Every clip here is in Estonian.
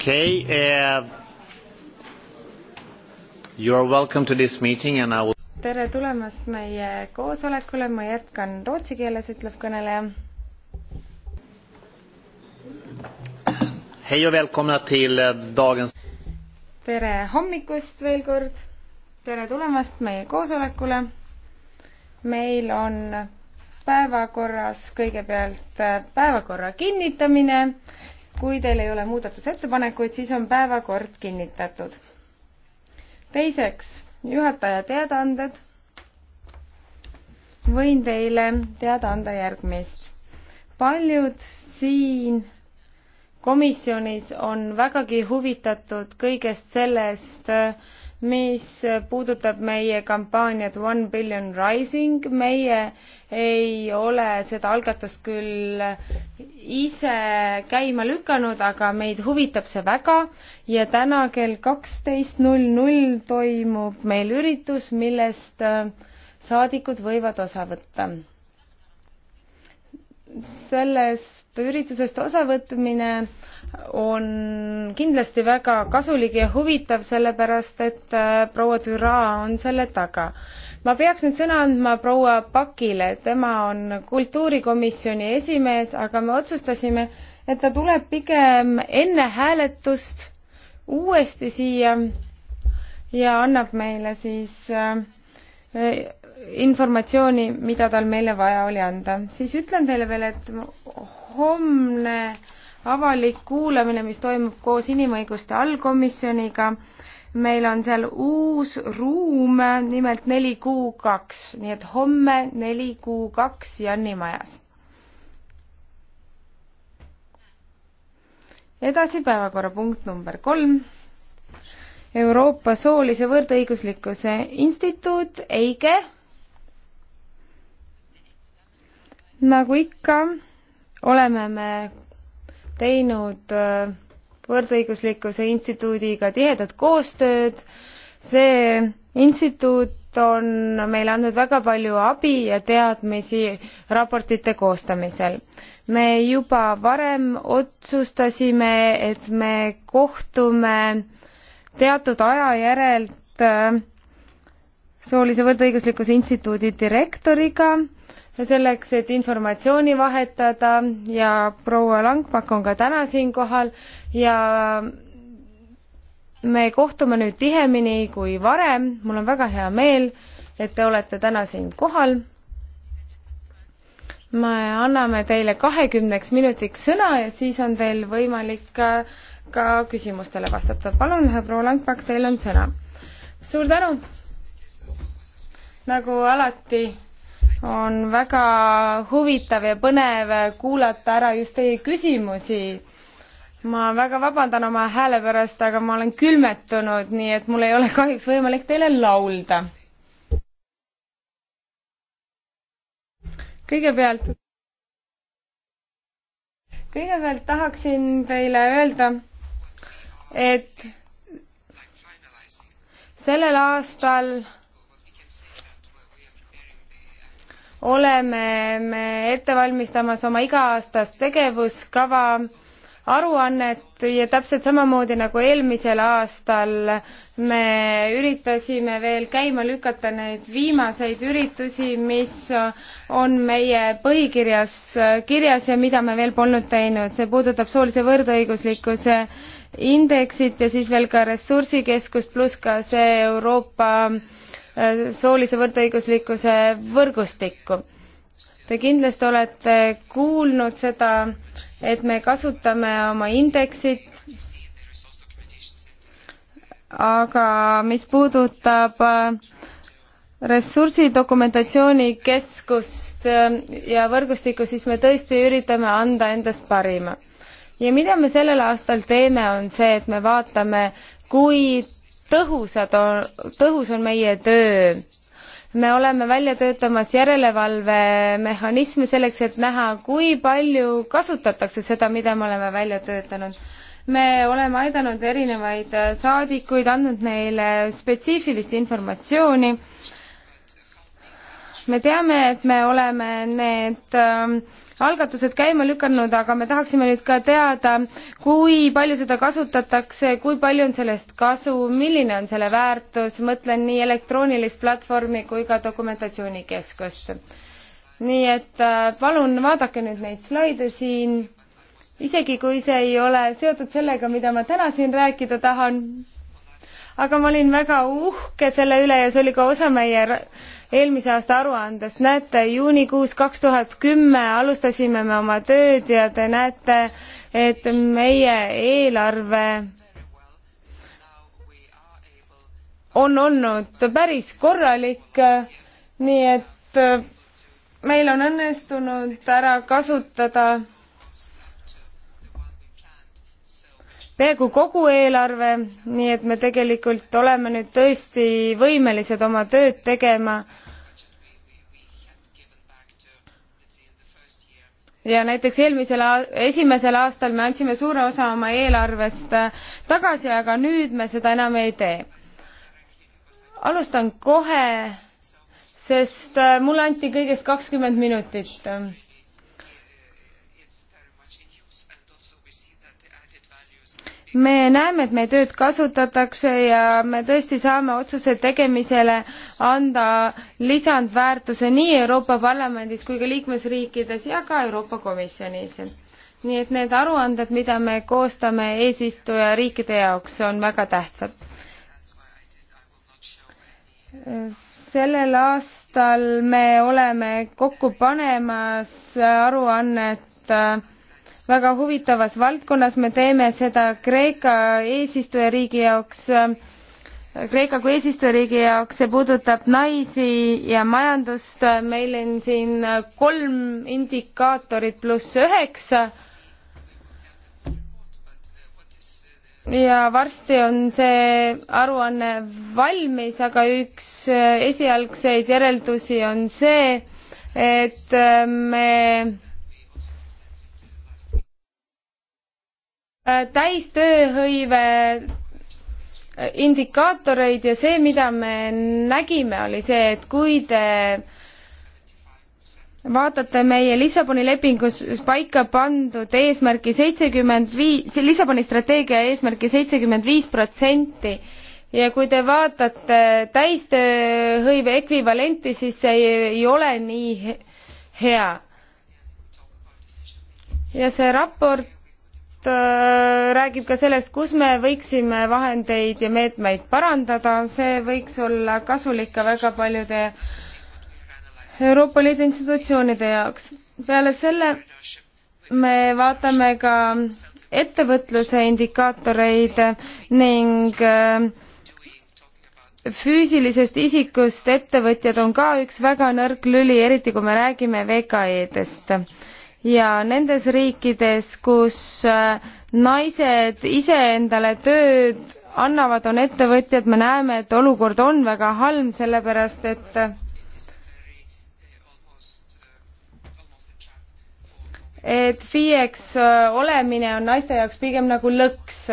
Okay. Uh, you are welcome to this meeting and I will tere tulemast meie koosolekule, ma jätkan rootsi keeles, ütleb kõneleja. Hej och välkomna till uh, dagens tere hommikust veel kord, tere tulemast meie koosolekule. meil on päevakorras kõigepealt uh, päevakorra kinnitamine kui teil ei ole muudatusettepanekuid, siis on päevakord kinnitatud. teiseks, juhataja teadaanded. võin teile teada anda järgmist. paljud siin komisjonis on vägagi huvitatud kõigest sellest äh, mis puudutab meie kampaaniat One Billion Rising, meie ei ole seda algatust küll ise käima lükanud, aga meid huvitab see väga ja täna kell kaksteist null null toimub meil üritus, millest äh, saadikud võivad osa võtta. sellest üritusest osavõtmine on kindlasti väga kasulik ja huvitav, sellepärast et äh, proua Düra on selle taga. ma peaks nüüd sõna andma proua Pakile, tema on kultuurikomisjoni esimees, aga me otsustasime, et ta tuleb pigem enne hääletust uuesti siia ja annab meile siis äh, informatsiooni, mida tal meile vaja oli anda. siis ütlen teile veel, et homne äh, avalik kuulamine, mis toimub koos inimõiguste allkomisjoniga. meil on seal uus ruum, nimelt neli kuu kaks, nii et homme neli kuu kaks Janni majas. edasi päevakorrapunkt number kolm. Euroopa Soolise Võrdõiguslikkuse Instituut, EIGE. nagu ikka, oleme me teinud äh, võrdõiguslikkuse instituudiga tihedat koostööd. see instituut on meile andnud väga palju abi ja teadmisi raportite koostamisel. me juba varem otsustasime, et me kohtume teatud aja järelt äh, soolise võrdõiguslikkuse instituudi direktoriga selleks, et informatsiooni vahetada ja proua Langpak on ka täna siinkohal ja me kohtume nüüd tihemini kui varem, mul on väga hea meel, et te olete täna siin kohal. me anname teile kahekümneks minutiks sõna ja siis on teil võimalik ka küsimustele vastata. palun, proua Langpak, teil on sõna. suur tänu! nagu alati on väga huvitav ja põnev kuulata ära just teie küsimusi. ma väga vabandan oma hääle pärast, aga ma olen külmetunud, nii et mul ei ole kahjuks võimalik teile laulda. kõigepealt, kõigepealt tahaksin teile öelda, et sellel aastal oleme me ette valmistamas oma iga-aastast tegevuskava aruannet ja täpselt samamoodi nagu eelmisel aastal me üritasime veel käima lükata neid viimaseid üritusi, mis on meie põhikirjas kirjas ja mida me veel polnud teinud. see puudutab soolise võrdõiguslikkuse indeksit ja siis veel ka ressursikeskust pluss ka see Euroopa äh, Äh, soolise võrdõiguslikkuse võrgustikku. Te kindlasti olete kuulnud seda, et me kasutame oma indeksit, aga mis puudutab äh, ressursidokumentatsioonikeskust äh, ja võrgustikku, siis me tõesti üritame anda endast parima. ja mida me sellel aastal teeme, on see, et me vaatame, kui tõhusad on, tõhus on meie töö. me oleme välja töötamas järelevalvemehhanisme selleks, et näha, kui palju kasutatakse seda, mida me oleme välja töötanud. me oleme aidanud erinevaid saadikuid, andnud neile spetsiifilist informatsiooni. me teame, et me oleme need äh, algatused käima lükanud, aga me tahaksime nüüd ka teada, kui palju seda kasutatakse, kui palju on sellest kasu, milline on selle väärtus, mõtlen nii elektroonilist platvormi kui ka dokumentatsioonikeskust. nii et äh, palun vaadake nüüd neid slaide siin, isegi kui see ei ole seotud sellega, mida ma täna siin rääkida tahan, aga ma olin väga uhke selle üle ja see oli ka osa meie eelmise aasta aruandest. näete, juunikuus kaks tuhat kümme alustasime me oma tööd ja te näete, et meie eelarve on olnud päris korralik, nii et meil on õnnestunud ära kasutada peaaegu kogu eelarve, nii et me tegelikult oleme nüüd tõesti võimelised oma tööd tegema. ja näiteks eelmisel, esimesel aastal me andsime suure osa oma eelarvest äh, tagasi, aga nüüd me seda enam ei tee. alustan kohe, sest äh, mulle anti kõigest kakskümmend minutit me näeme, et meie tööd kasutatakse ja me tõesti saame otsuse tegemisele anda lisandväärtuse nii Euroopa Parlamendis kui ka liikmesriikides ja ka Euroopa Komisjonis. nii et need aruanded, mida me koostame eesistujariikide jaoks, on väga tähtsad. sellel aastal me oleme kokku panemas aruannet äh, väga huvitavas valdkonnas, me teeme seda Kreeka eesistujariigi jaoks, äh, Kreeka kui eesistujariigi jaoks, see puudutab naisi ja majandust, meil on siin kolm indikaatorit pluss üheksa. ja varsti on see aruanne valmis, aga üks äh, esialgseid järeldusi on see, et äh, me Äh, täistööhõive äh, indikaatoreid ja see, mida me nägime, oli see, et kui te vaatate meie Lissaboni lepingus paika pandud eesmärki seitsekümmend viis, Lissaboni strateegia eesmärki seitsekümmend viis protsenti ja kui te vaatate täistööhõive ekvivalenti, siis see ei, ei ole nii hea. ja see raport Äh, räägib ka sellest, kus me võiksime vahendeid ja meetmeid parandada, see võiks olla kasulik ka väga paljude Euroopa Liidu institutsioonide jaoks. peale selle me vaatame ka ettevõtluse indikaatoreid ning äh, füüsilisest isikust ettevõtjad on ka üks väga nõrk lüli, eriti kui me räägime VKE-dest ja nendes riikides, kus äh, naised ise endale tööd annavad, on ettevõtjad, me näeme, et olukord on väga halb, sellepärast et et FIEks äh, olemine on naiste jaoks pigem nagu lõks.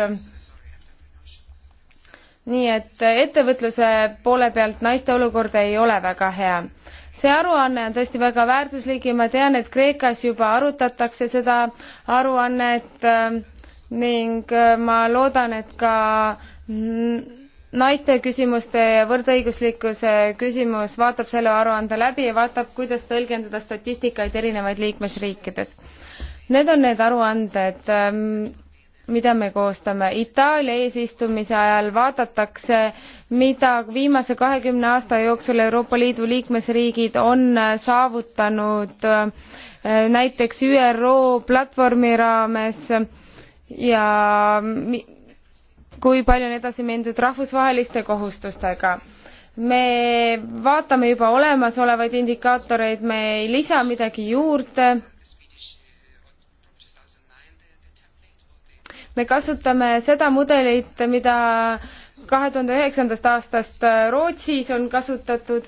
nii et äh, ettevõtluse poole pealt naiste olukord ei ole väga hea see aruanne on tõesti väga väärtuslik ja ma tean, et Kreekas juba arutatakse seda aruannet ähm, ning äh, ma loodan, et ka naiste küsimuste ja võrdõiguslikkuse küsimus vaatab selle aruande läbi ja vaatab, kuidas tõlgendada statistikaid erinevaid liikmesriikides. Need on need aruanded ähm, mida me koostame. Itaalia eesistumise ajal vaadatakse, mida viimase kahekümne aasta jooksul Euroopa Liidu liikmesriigid on saavutanud äh, näiteks ÜRO platvormi raames ja kui palju on edasi mindud rahvusvaheliste kohustustega me vaatame juba olemasolevaid indikaatoreid me ei lisa midagi juurde me kasutame seda mudelit, mida kahe tuhande üheksandast aastast äh, Rootsis on kasutatud.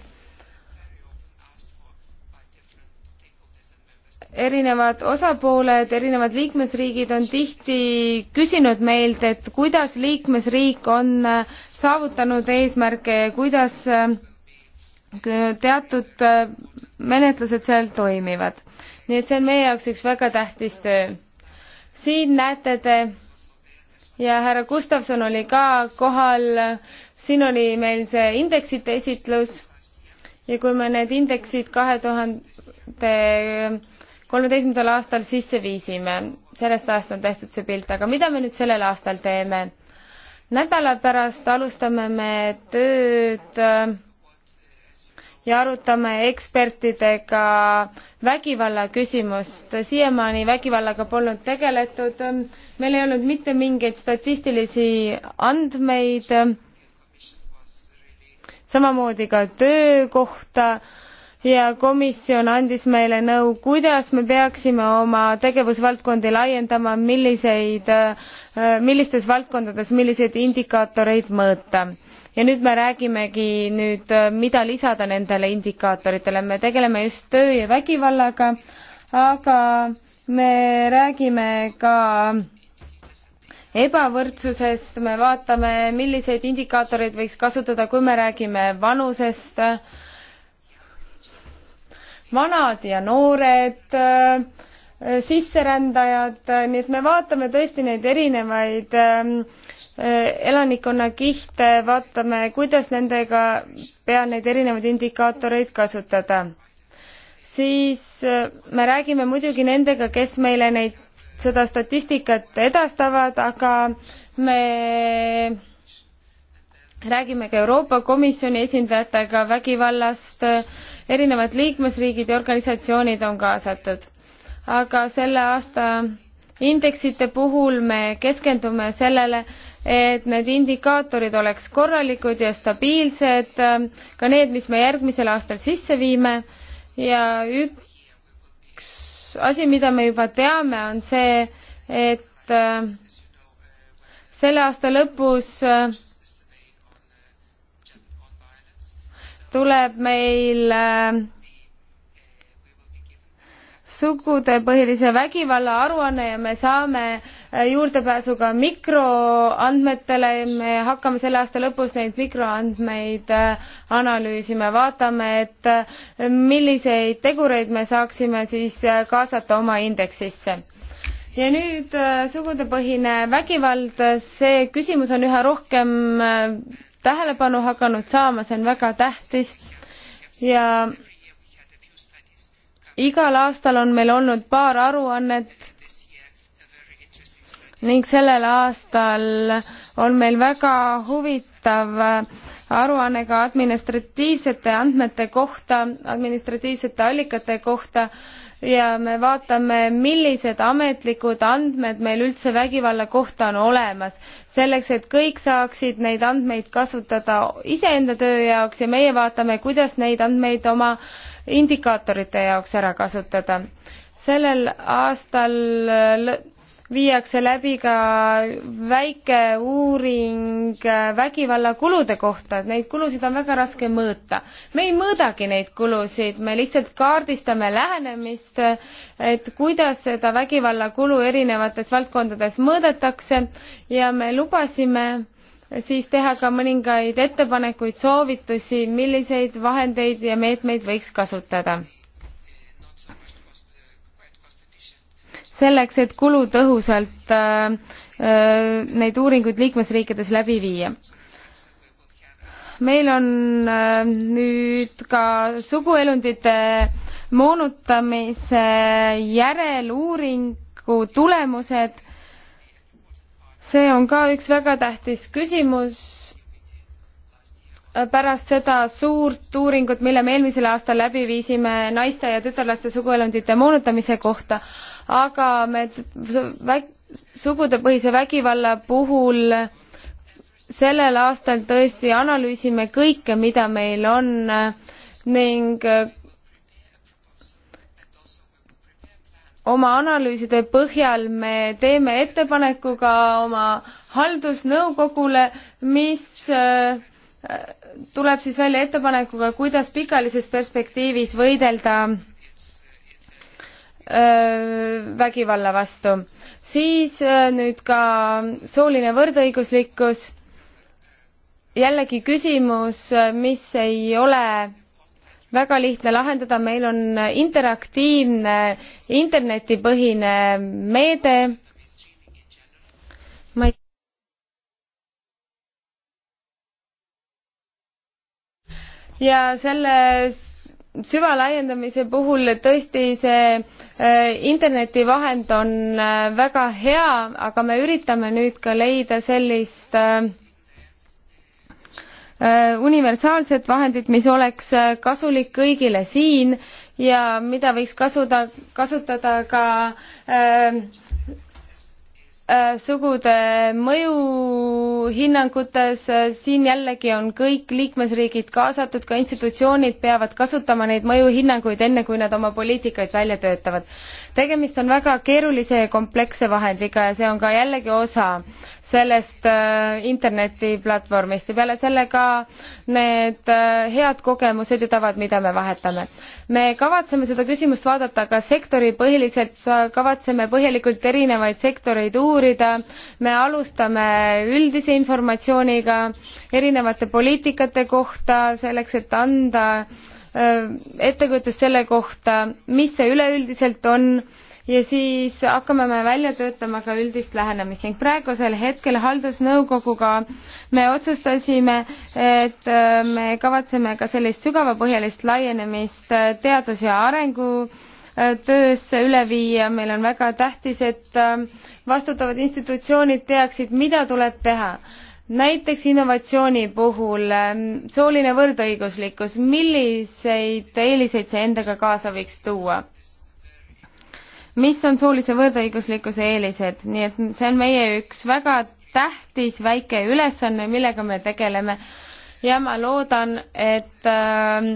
erinevad osapooled, erinevad liikmesriigid on tihti küsinud meilt, et kuidas liikmesriik on äh, saavutanud eesmärke ja kuidas äh, teatud menetlused seal toimivad. nii et see on meie jaoks üks väga tähtis töö. siin näete te ja härra Gustavson oli ka kohal. siin oli meil see indeksite esitlus ja kui me need indeksid kahe tuhande kolmeteistkümnendal aastal sisse viisime, sellest ajast on tehtud see pilt, aga mida me nüüd sellel aastal teeme? nädala pärast alustame me tööd äh, ja arutame ekspertidega vägivalla küsimust. siiamaani vägivallaga polnud tegeletud, meil ei olnud mitte mingeid statistilisi andmeid, samamoodi ka töökohta ja komisjon andis meile nõu, kuidas me peaksime oma tegevusvaldkondi laiendama, milliseid, äh, millistes valdkondades milliseid indikaatoreid mõõta. ja nüüd me räägimegi nüüd, äh, mida lisada nendele indikaatoritele, me tegeleme just töö ja vägivallaga, aga me räägime ka ebavõrdsusest, me vaatame, milliseid indikaatoreid võiks kasutada, kui me räägime vanusest äh,, vanad ja noored, äh, sisserändajad, äh, nii et me vaatame tõesti neid erinevaid ähm, äh, elanikkonnakihte, vaatame, kuidas nendega, pea neid erinevaid indikaatoreid kasutada. siis me räägime muidugi nendega, kes meile neid, seda statistikat edastavad, aga me räägime ka Euroopa Komisjoni esindajatega vägivallast erinevad liikmesriigid ja organisatsioonid on kaasatud. aga selle aasta indeksite puhul me keskendume sellele, et need indikaatorid oleks korralikud ja stabiilsed, ka need, mis me järgmisel aastal sisse viime ja üks asi, mida me juba teame, on see, et äh, selle aasta lõpus äh, tuleb meil äh, sugudepõhilise vägivalla aruanne ja me saame äh, juurdepääsu ka mikroandmetele, me hakkame selle aasta lõpus neid mikroandmeid äh, analüüsima, vaatame, et milliseid tegureid me saaksime siis kaasata oma indeksisse. ja nüüd sugudepõhine vägivald, see küsimus on üha rohkem tähelepanu hakanud saama, see on väga tähtis ja igal aastal on meil olnud paar aruannet ning sellel aastal on meil väga huvitav aruanne ka administratiivsete andmete kohta, administratiivsete allikate kohta ja me vaatame, millised ametlikud andmed meil üldse vägivalla kohta on olemas, selleks et kõik saaksid neid andmeid kasutada iseenda töö jaoks ja meie vaatame, kuidas neid andmeid oma indikaatorite jaoks ära kasutada. sellel aastal viiakse läbi ka väike uuring äh, vägivallakulude kohta, et neid kulusid on väga raske mõõta. me ei mõõdagi neid kulusid, me lihtsalt kaardistame lähenemist, et kuidas seda vägivallakulu erinevates valdkondades mõõdetakse ja me lubasime siis teha ka mõningaid ettepanekuid, soovitusi, milliseid vahendeid ja meetmeid võiks kasutada selleks, et kulutõhusalt äh, äh, neid uuringuid liikmesriikides läbi viia meil on äh, nüüd ka suguelundite moonutamise järeluuringu tulemused. see on ka üks väga tähtis küsimus pärast seda suurt uuringut, mille me eelmisel aastal läbi viisime naiste ja tütarlaste suguelundite moonutamise kohta, aga me väg-, sugudepõhise vägivalla puhul sellel aastal tõesti analüüsime kõike, mida meil on ning oma analüüside põhjal me teeme ettepaneku ka oma haldusnõukogule, mis äh, tuleb siis välja ettepanekuga, kuidas pikaajalises perspektiivis võidelda vägivalla vastu. siis nüüd ka sooline võrdõiguslikkus, jällegi küsimus, mis ei ole väga lihtne lahendada, meil on interaktiivne internetipõhine meede. ma ei ja selle süvalaiendamise puhul tõesti see äh, interneti vahend on äh, väga hea, aga me üritame nüüd ka leida sellist äh, universaalset vahendit, mis oleks kasulik kõigile siin ja mida võiks kasuda, kasutada ka äh, Äh, sugude mõjuhinnangutes, äh, siin jällegi on kõik liikmesriigid kaasatud, ka institutsioonid peavad kasutama neid mõjuhinnanguid, enne kui nad oma poliitikaid välja töötavad. tegemist on väga keerulise ja kompleksse vahendiga ja see on ka jällegi osa sellest äh, internetiplatvormist ja peale selle ka need äh, head kogemused ja tavad, mida me vahetame. me kavatseme seda küsimust vaadata ka sektoripõhiliselt, kavatseme põhjalikult erinevaid sektoreid uurida, me alustame üldise informatsiooniga erinevate poliitikate kohta, selleks et anda äh, ettekujutus selle kohta, mis see üleüldiselt on ja siis hakkame me välja töötama ka üldist lähenemist ning praegusel hetkel haldusnõukoguga me otsustasime, et äh, me kavatseme ka sellist sügavapõhjalist laienemist äh, teadus- ja arengu äh, töösse üle viia, meil on väga tähtis, et vastutavad institutsioonid teaksid, mida tuleb teha näiteks innovatsiooni puhul sooline võrdõiguslikkus, milliseid eeliseid see endaga kaasa võiks tuua? mis on soolise võrdõiguslikkuse eelised, nii et see on meie üks väga tähtis väike ülesanne, millega me tegeleme ja ma loodan, et äh,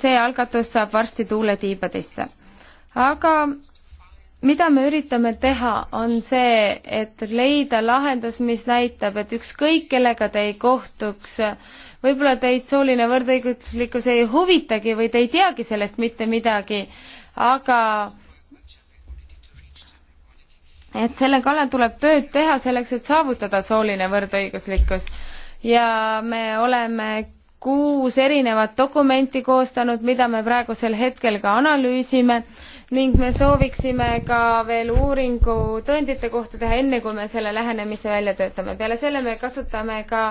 see algatus saab varsti tuule tiibadesse. aga mida me üritame teha, on see, et leida lahendus, mis näitab, et ükskõik kellega te ei kohtuks, võib-olla teid sooline võrdõiguslikkus ei huvitagi või te ei teagi sellest mitte midagi, aga et selle kallal tuleb tööd teha selleks, et saavutada sooline võrdõiguslikkus ja me oleme kuus erinevat dokumenti koostanud, mida me praegusel hetkel ka analüüsime ning me sooviksime ka veel uuringu tõendite kohta teha, enne kui me selle lähenemise välja töötame. peale selle me kasutame ka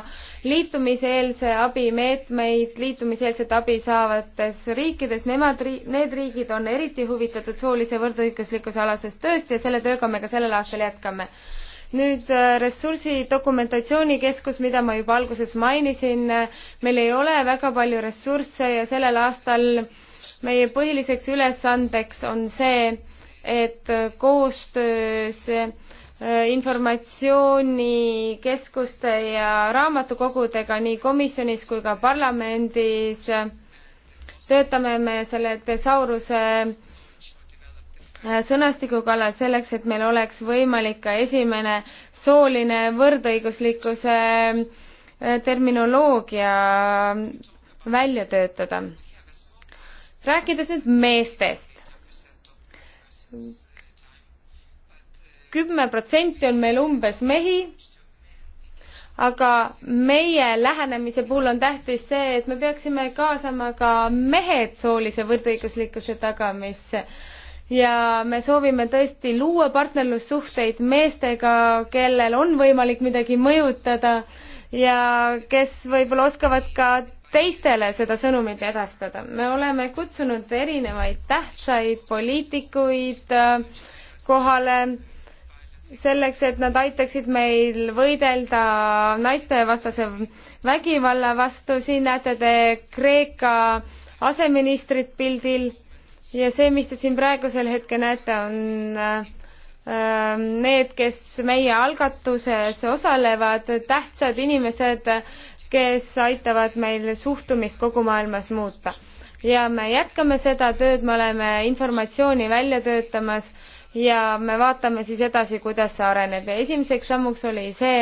liitumiseelse abi meetmeid liitumiseelset abi saavates riikides. Nemad, need riigid on eriti huvitatud soolise võrdõiguslikkuse alasest tööst ja selle tööga me ka sellel aastal jätkame nüüd äh, ressursi dokumentatsioonikeskus, mida ma juba alguses mainisin, äh, meil ei ole väga palju ressursse ja sellel aastal meie põhiliseks ülesandeks on see, et koostöös äh, informatsioonikeskuste ja raamatukogudega nii komisjonis kui ka parlamendis äh, töötame me selle tesauruse äh, sõnastiku kallal selleks, et meil oleks võimalik ka esimene sooline võrdõiguslikkuse terminoloogia välja töötada rääkides nüüd meestest. kümme protsenti on meil umbes mehi, aga meie lähenemise puhul on tähtis see, et me peaksime kaasama ka mehed soolise võrdõiguslikkuse tagamisse ja me soovime tõesti luua partnerlussuhteid meestega, kellel on võimalik midagi mõjutada ja kes võib-olla oskavad ka teistele seda sõnumit edastada. me oleme kutsunud erinevaid tähtsaid poliitikuid äh, kohale selleks, et nad aitaksid meil võidelda naistevastase vägivalla vastu. siin näete te Kreeka aseministrit pildil ja see, mis te siin praegusel hetkel näete, on äh, äh, need, kes meie algatuses osalevad, tähtsad inimesed, kes aitavad meil suhtumist kogu maailmas muuta. ja me jätkame seda tööd, me oleme informatsiooni välja töötamas ja me vaatame siis edasi, kuidas see areneb ja esimeseks sammuks oli see,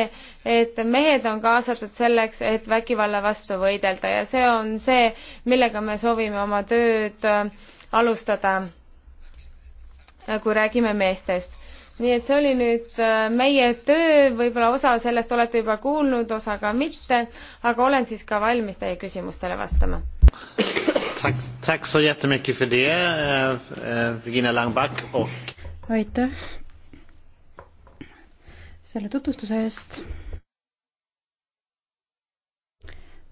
et mehed on kaasatud selleks, et vägivalla vastu võidelda ja see on see, millega me soovime oma tööd äh, alustada, äh, kui räägime meestest nii et see oli nüüd äh, meie töö, võib-olla osa sellest olete juba kuulnud, osa ka mitte, aga olen siis ka valmis teie küsimustele vastama. Eh, eh, aitäh selle tutvustuse eest.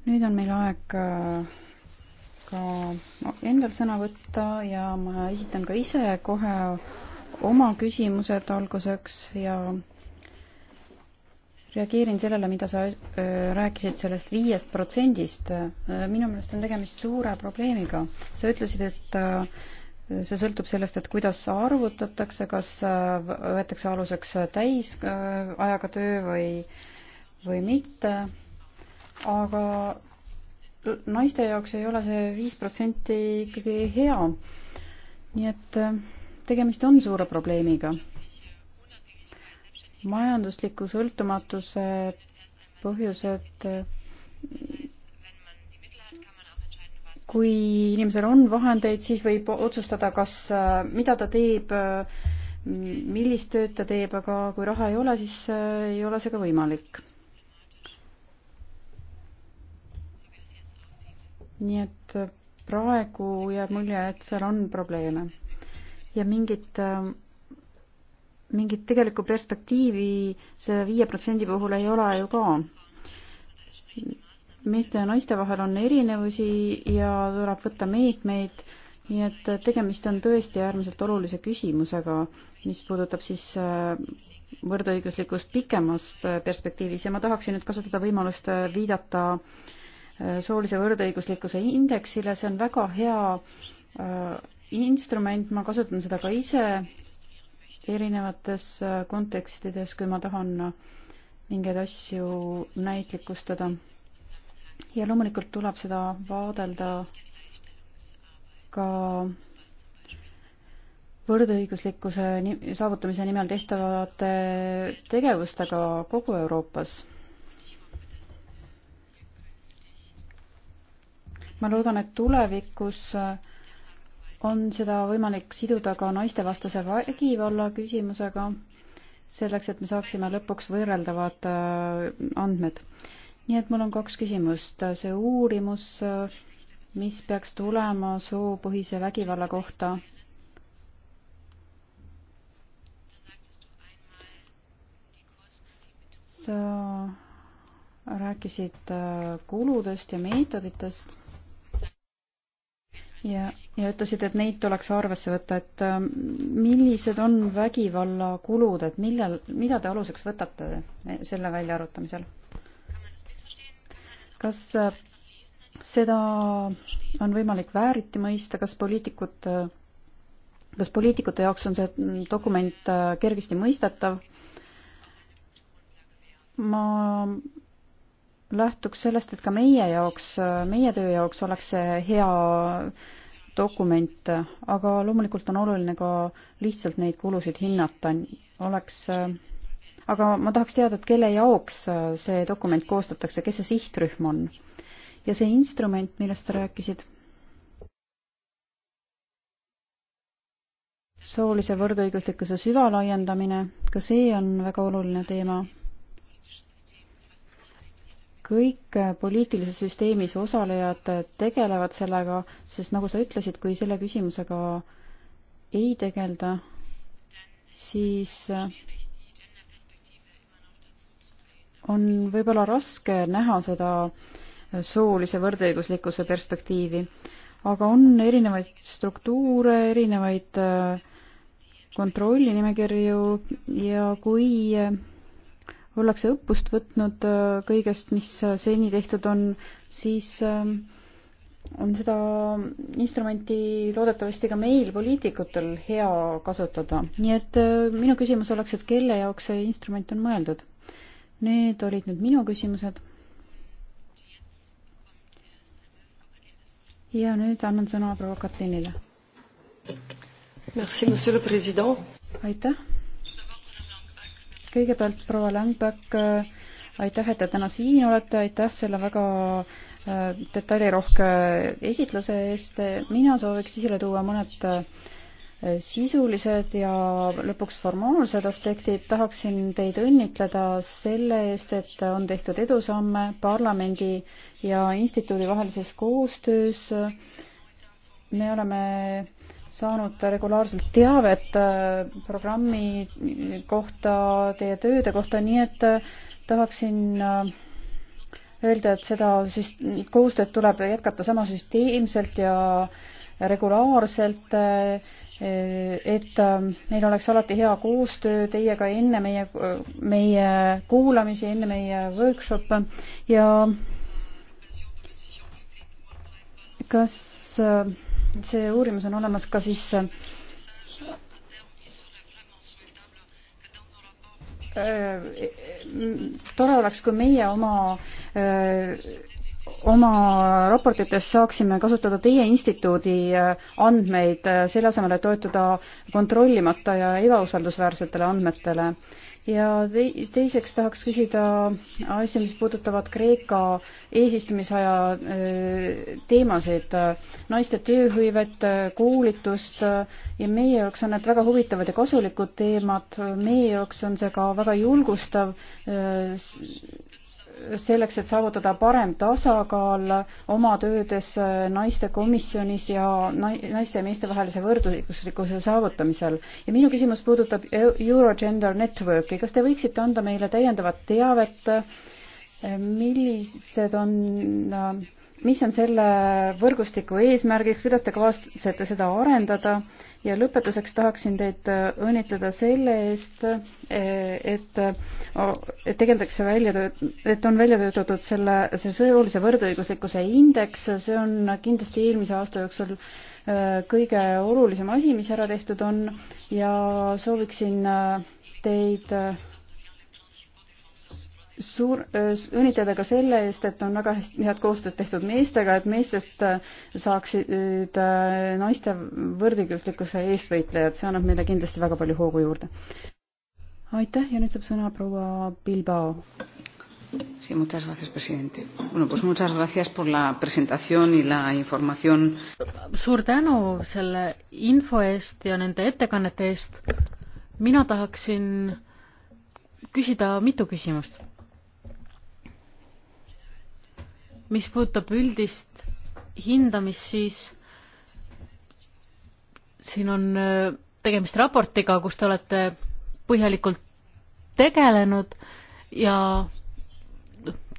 nüüd on meil aeg eh, ka endal sõna võtta ja ma esitan ka ise kohe oma küsimused alguseks ja reageerin sellele, mida sa rääkisid sellest viiest protsendist. minu meelest on tegemist suure probleemiga. sa ütlesid, et äh, see sõltub sellest, et kuidas arvutatakse, kas äh, võetakse aluseks täisajaga äh, töö või, või mitte. aga naiste jaoks ei ole see viis protsenti ikkagi hea. nii et äh, tegemist on suure probleemiga. majandusliku sõltumatuse põhjused kui inimesel on vahendeid, siis võib otsustada, kas, mida ta teeb, millist tööd ta teeb, aga kui raha ei ole, siis ei ole see ka võimalik. nii et praegu jääb mulje, et seal on probleeme ja mingit mingit tegelikku perspektiivi selle viie protsendi puhul ei ole ju ka meeste ja naiste vahel on erinevusi ja tuleb võtta meetmeid, nii et tegemist on tõesti äärmiselt olulise küsimusega, mis puudutab siis äh, võrdõiguslikkust pikemas äh, perspektiivis ja ma tahaksin nüüd kasutada võimalust äh, viidata soolise võrdõiguslikkuse indeksile, see on väga hea instrument, ma kasutan seda ka ise erinevates äh, kontekstides, kui ma tahan mingeid asju näitlikustada. ja loomulikult tuleb seda vaadelda ka võrdõiguslikkuse saavutamise nimel tehtavate tegevustega kogu Euroopas. ma loodan, et tulevikus äh, on seda võimalik siduda ka naistevastase vägivalla küsimusega, selleks et me saaksime lõpuks võrreldavad äh, andmed. nii et mul on kaks küsimust. see uurimus, äh, mis peaks tulema soopõhise vägivalla kohta, sa rääkisid äh, kuludest ja meetoditest ja, ja ütlesid, et neid tuleks arvesse võtta, et äh, millised on vägivalla kulud, et millal, mida te aluseks võtate selle väljaarvutamisel? kas äh, seda on võimalik vääriti mõista, kas poliitikud, kas poliitikute jaoks on see dokument äh, kergesti mõistetav? ma lähtuks sellest, et ka meie jaoks, meie töö jaoks oleks see hea dokument, aga loomulikult on oluline ka lihtsalt neid kulusid hinnata, oleks aga ma tahaks teada, et kelle jaoks see dokument koostatakse, kes see sihtrühm on? ja see instrument, millest sa rääkisid? soolise võrdõiguslikkuse süvalaiendamine, ka see on väga oluline teema kõik äh, poliitilises süsteemis osalejad äh, tegelevad sellega, sest nagu sa ütlesid, kui selle küsimusega ei tegelda, siis äh, on võib-olla raske näha seda soolise võrdõiguslikkuse perspektiivi, aga on erinevaid struktuure, erinevaid kontrollinimekirju ja kui ollakse õppust võtnud äh, kõigest, mis äh, seni tehtud on, siis ähm, on seda instrumenti loodetavasti ka meil, poliitikutel, hea kasutada. nii et äh, minu küsimus oleks, et kelle jaoks see instrument on mõeldud? Need olid nüüd minu küsimused. ja nüüd annan sõna proua Katrinile. aitäh kõigepealt proua Längbäck, äh, aitäh, et te täna siin olete, aitäh selle väga äh, detailirohke esitluse eest. mina sooviks esile tuua mõned äh, sisulised ja lõpuks formaalsed aspektid. tahaksin teid õnnitleda selle eest, et on tehtud edusamme parlamendi ja instituudi vahelises koostöös. me oleme saanud regulaarselt teavet äh, programmi äh, kohta, teie tööde kohta, nii et äh, tahaksin öelda, et seda süst-, koostööd tuleb jätkata sama süsteemselt ja regulaarselt, et meil oleks alati hea koostöö teiega enne meie, meie kuulamisi, enne meie workshop'e ja kas äh, see uurimus on olemas ka siis äh, tore oleks, kui meie oma, äh, oma raportites saaksime kasutada teie instituudi äh, andmeid, selle asemel, et toetuda kontrollimata ja ebausaldusväärsetele andmetele ja teiseks tahaks küsida asja, mis puudutavad Kreeka eesistumisaja teemasid, naiste tööhõivet, koolitust ja meie jaoks on need väga huvitavad ja kasulikud teemad, meie jaoks on see ka väga julgustav selleks, et saavutada parem tasakaal oma töödes äh, naiste komisjonis ja naiste ja meeste vahelise võrdõiguslikkuse saavutamisel. ja minu küsimus puudutab e-, Eurogender Networki, kas te võiksite anda meile täiendavat teavet, äh, millised on äh, mis on selle võrgustiku eesmärgiks, kuidas te kavatsete seda arendada ja lõpetuseks tahaksin teid õnnitleda selle eest, e, et, et tegeldakse välja, et on välja töötatud selle, see sõjalise võrdõiguslikkuse indeks, see on kindlasti eelmise aasta jooksul e, kõige olulisem asi, mis ära tehtud on ja sooviksin teid suur, õnnitleda ka selle eest, et on väga hästi, head koostööd tehtud meestega, et meestest äh, saaksid äh, naiste võrdõiguslikkuse eestvõitlejad, see annab meile kindlasti väga palju hoogu juurde. aitäh ja nüüd saab sõna proua Bilbao. Sí, muchas gracias, presidente. Bueno, pues muchas gracias por la presentación y la información. Suur tänu selle info eest ja nende ettekannete eest. mina tahaksin küsida mitu küsimust mis puudutab üldist hindamist, siis siin on äh, tegemist raportiga, kus te olete põhjalikult tegelenud ja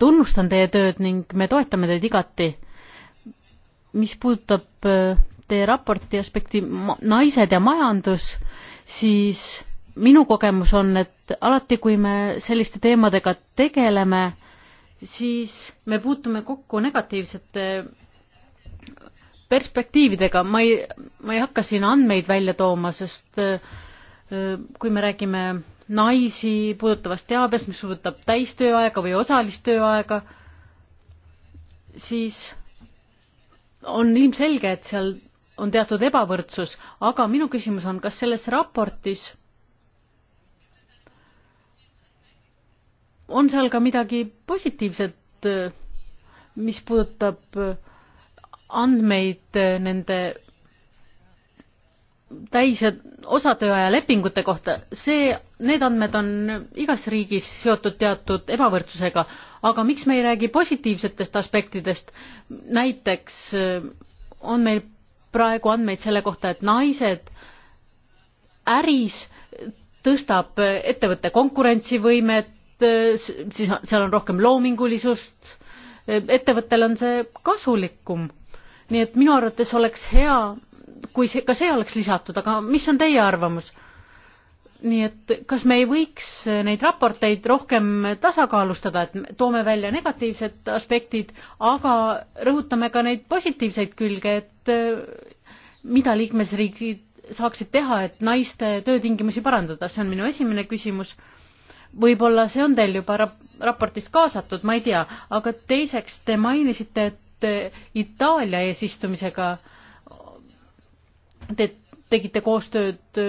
tunnustan teie tööd ning me toetame teid igati. mis puudutab äh, teie raporti aspekti naised ja majandus, siis minu kogemus on, et alati, kui me selliste teemadega tegeleme, siis me puutume kokku negatiivsete perspektiividega, ma ei, ma ei hakka siin andmeid välja tooma, sest äh, kui me räägime naisi puudutavast teabest, mis puudutab täistööaega või osalist tööaega, siis on ilmselge, et seal on teatud ebavõrdsus, aga minu küsimus on, kas selles raportis on seal ka midagi positiivset, mis puudutab andmeid nende täis- ja osatööaja lepingute kohta, see, need andmed on igas riigis seotud teatud ebavõrdsusega, aga miks me ei räägi positiivsetest aspektidest, näiteks on meil praegu andmeid selle kohta, et naised äris tõstab ettevõtte konkurentsivõimet, Eh, siis seal on rohkem loomingulisust, eh, ettevõttel on see kasulikum. nii et minu arvates oleks hea, kui see, ka see oleks lisatud, aga mis on teie arvamus? nii et kas me ei võiks eh, neid raporteid rohkem tasakaalustada, et toome välja negatiivsed aspektid, aga rõhutame ka neid positiivseid külge, et mida liikmesriigid saaksid teha, et naiste töötingimusi parandada, see on minu esimene küsimus võib-olla see on teil juba rap raportis kaasatud, ma ei tea, aga teiseks te mainisite, et Itaalia eesistumisega te tegite koostööd.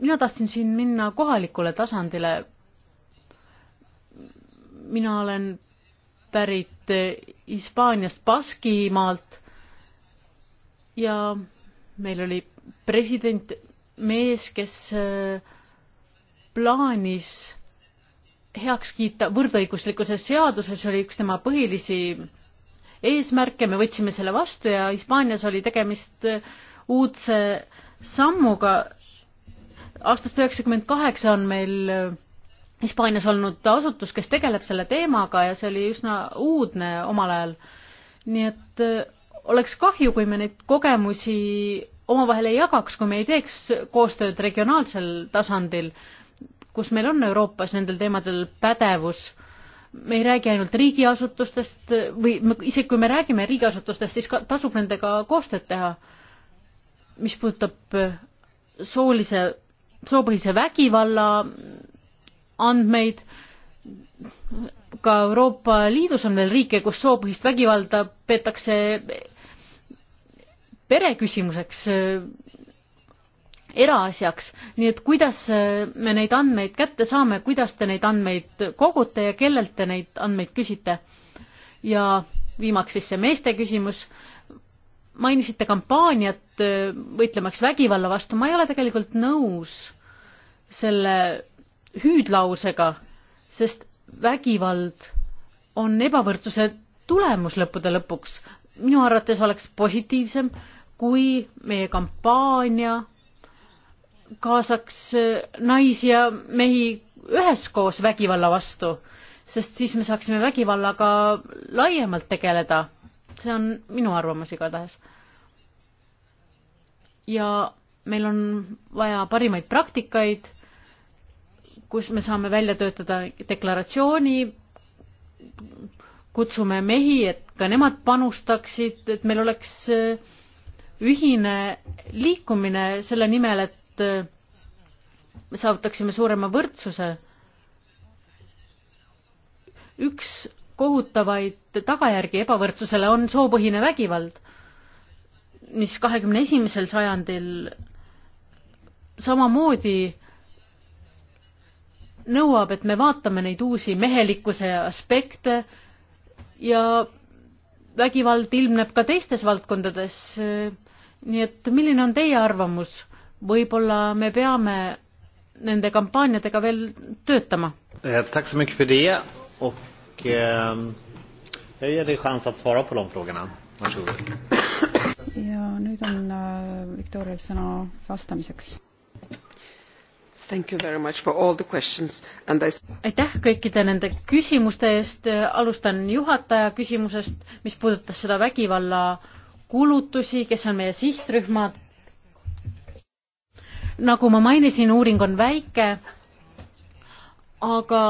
mina tahtsin siin minna kohalikule tasandile. mina olen pärit Hispaaniast Baskimaalt ja meil oli president, mees, kes äh, plaanis heaks kiita võrdõiguslikkuse seaduses, oli üks tema põhilisi eesmärke, me võtsime selle vastu ja Hispaanias oli tegemist uudse sammuga. aastast üheksakümmend kaheksa on meil Hispaanias olnud asutus, kes tegeleb selle teemaga ja see oli üsna uudne omal ajal. nii et äh, oleks kahju, kui me neid kogemusi omavahel ei jagaks, kui me ei teeks koostööd regionaalsel tasandil kus meil on Euroopas nendel teemadel pädevus. me ei räägi ainult riigiasutustest või isegi kui me räägime riigiasutustest, siis ka tasub nendega koostööd teha. mis puudutab äh, soolise, soopõhise vägivalla andmeid, ka Euroopa Liidus on veel riike, kus soopõhist vägivalda peetakse äh, pereküsimuseks äh, eraasjaks, nii et kuidas äh, me neid andmeid kätte saame, kuidas te neid andmeid kogute ja kellelt te neid andmeid küsite? ja viimaks siis see meeste küsimus, mainisite kampaaniat äh, võitlemaks vägivalla vastu, ma ei ole tegelikult nõus selle hüüdlausega, sest vägivald on ebavõrdsuse tulemus lõppude lõpuks. minu arvates oleks positiivsem, kui meie kampaania kaasaks äh, naisi ja mehi üheskoos vägivalla vastu, sest siis me saaksime vägivallaga laiemalt tegeleda. see on minu arvamus igatahes. ja meil on vaja parimaid praktikaid, kus me saame välja töötada deklaratsiooni, kutsume mehi, et ka nemad panustaksid, et meil oleks äh, ühine liikumine selle nimel, et et äh, saavutaksime suurema võrdsuse. üks kohutavaid tagajärgi ebavõrdsusele on soopõhine vägivald, mis kahekümne esimesel sajandil samamoodi nõuab, et me vaatame neid uusi mehelikkuse aspekte ja vägivald ilmneb ka teistes valdkondades. nii et milline on teie arvamus? võib-olla me peame nende kampaaniatega veel töötama. Eh, ehm, ja nüüd on äh, Viktorial sõna vastamiseks. aitäh kõikide nende küsimuste eest, alustan juhataja küsimusest, mis puudutas seda vägivalla kulutusi, kes on meie sihtrühmad nagu ma mainisin, uuring on väike, aga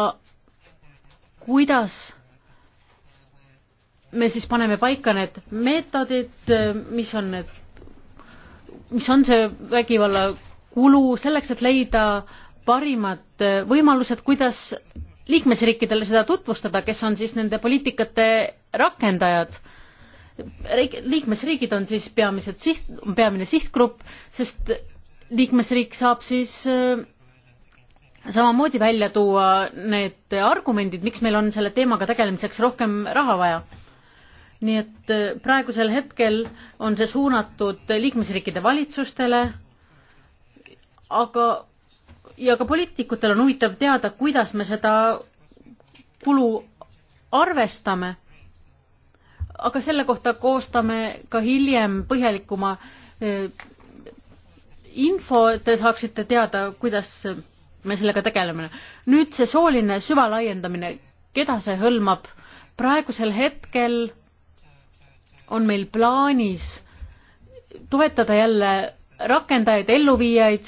kuidas me siis paneme paika need meetodid, mis on need, mis on see vägivalla kulu selleks, et leida parimad võimalused, kuidas liikmesriikidele seda tutvustada, kes on siis nende poliitikate rakendajad. liikmesriigid on siis peamised siht, peamine sihtgrupp, sest liikmesriik saab siis äh, samamoodi välja tuua need argumendid, miks meil on selle teemaga tegelemiseks rohkem raha vaja. nii et äh, praegusel hetkel on see suunatud liikmesriikide valitsustele, aga, ja ka poliitikutel on huvitav teada, kuidas me seda kulu arvestame. aga selle kohta koostame ka hiljem põhjalikuma äh, info, te saaksite teada, kuidas me sellega tegeleme. nüüd see sooline süvalaiendamine, keda see hõlmab? praegusel hetkel on meil plaanis toetada jälle rakendajaid, elluviijaid,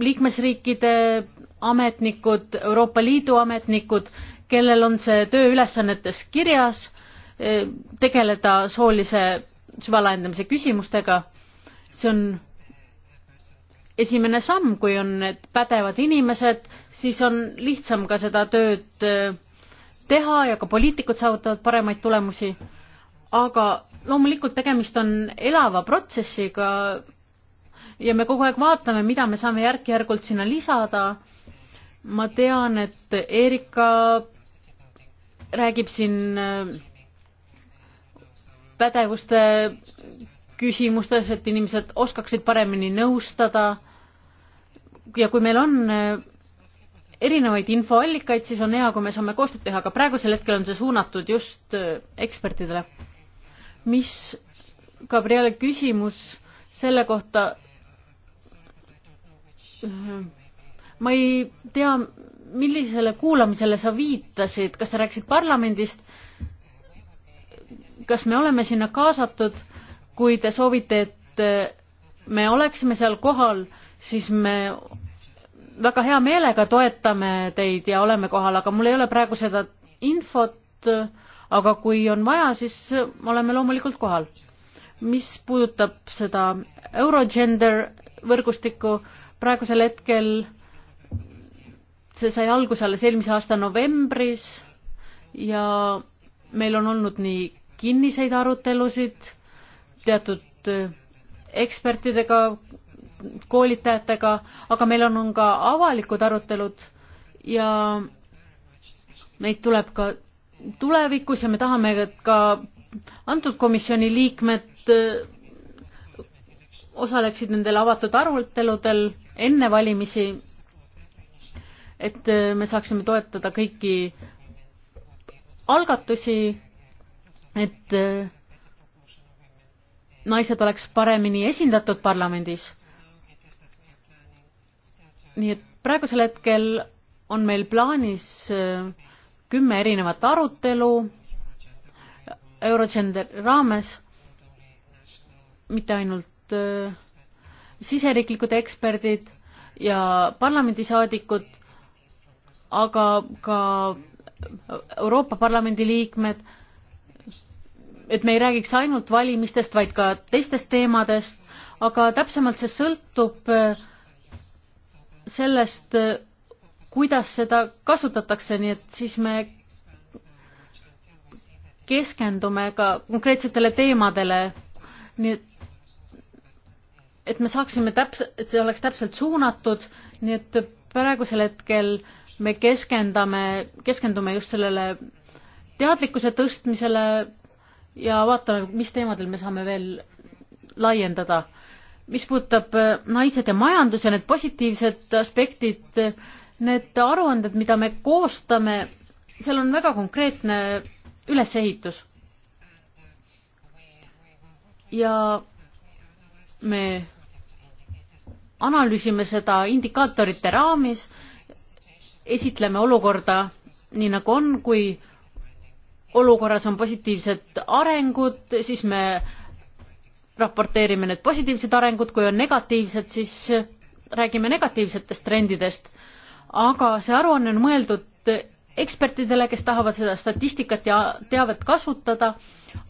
liikmesriikide ametnikud, Euroopa Liidu ametnikud, kellel on see tööülesannetes kirjas, tegeleda soolise süvalaiendamise küsimustega see on esimene samm, kui on need pädevad inimesed, siis on lihtsam ka seda tööd äh, teha ja ka poliitikud saavutavad paremaid tulemusi. aga loomulikult tegemist on elava protsessiga ja me kogu aeg vaatame, mida me saame järk-järgult sinna lisada. ma tean, et Erika räägib siin äh, pädevuste küsimustes, et inimesed oskaksid paremini nõustada. ja kui meil on äh, erinevaid infoallikaid, siis on hea, kui me saame koostööd teha, aga praegusel hetkel on see suunatud just äh, ekspertidele. mis, Gabriele, küsimus selle kohta, äh, ma ei tea, millisele kuulamisele sa viitasid, kas sa rääkisid parlamendist, kas me oleme sinna kaasatud kui te soovite, et äh, me oleksime seal kohal, siis me väga hea meelega toetame teid ja oleme kohal, aga mul ei ole praegu seda infot, aga kui on vaja, siis äh, oleme loomulikult kohal. mis puudutab seda Eurogender võrgustikku, praegusel hetkel see sai alguse alles eelmise aasta novembris ja meil on olnud nii kinniseid arutelusid teatud äh, ekspertidega, koolitajatega, aga meil on, on ka avalikud arutelud ja neid tuleb ka tulevikus ja me tahame ka antud komisjoni liikmed äh, osaleksid nendel avatud aruteludel enne valimisi, et äh, me saaksime toetada kõiki algatusi, et naised oleks paremini esindatud parlamendis. nii et praegusel hetkel on meil plaanis äh, kümme erinevat arutelu Eurogender raames, mitte ainult äh, siseriiklikud eksperdid ja parlamendisaadikud, aga ka Euroopa Parlamendi liikmed et me ei räägiks ainult valimistest, vaid ka teistest teemadest, aga täpsemalt see sõltub äh, sellest, äh, kuidas seda kasutatakse, nii et siis me keskendume ka konkreetsetele teemadele, nii et et me saaksime täpselt, et see oleks täpselt suunatud, nii et praegusel hetkel me keskendame, keskendume just sellele teadlikkuse tõstmisele, ja vaatame, mis teemadel me saame veel laiendada. mis puudutab äh, naised ja majandus ja need positiivsed aspektid, need aruanded, mida me koostame, seal on väga konkreetne ülesehitus. ja me analüüsime seda indikaatorite raamis, esitleme olukorda nii nagu on, kui olukorras on positiivsed arengud, siis me raporteerime need positiivsed arengud, kui on negatiivsed, siis räägime negatiivsetest trendidest. aga see aruanne on mõeldud ekspertidele, kes tahavad seda statistikat ja teavet kasutada,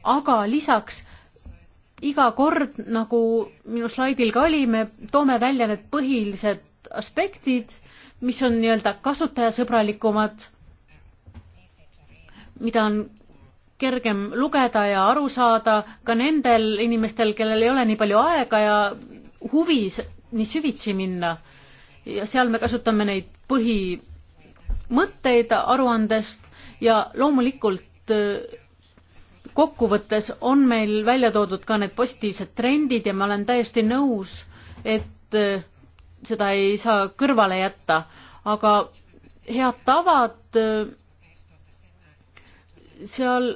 aga lisaks iga kord, nagu minu slaidil ka oli, me toome välja need põhilised aspektid, mis on nii-öelda kasutajasõbralikumad mida on kergem lugeda ja aru saada ka nendel inimestel, kellel ei ole nii palju aega ja huvi nii süvitsi minna. ja seal me kasutame neid põhimõtteid aruandest ja loomulikult äh, kokkuvõttes on meil välja toodud ka need positiivsed trendid ja ma olen täiesti nõus, et äh, seda ei saa kõrvale jätta, aga head tavad äh, seal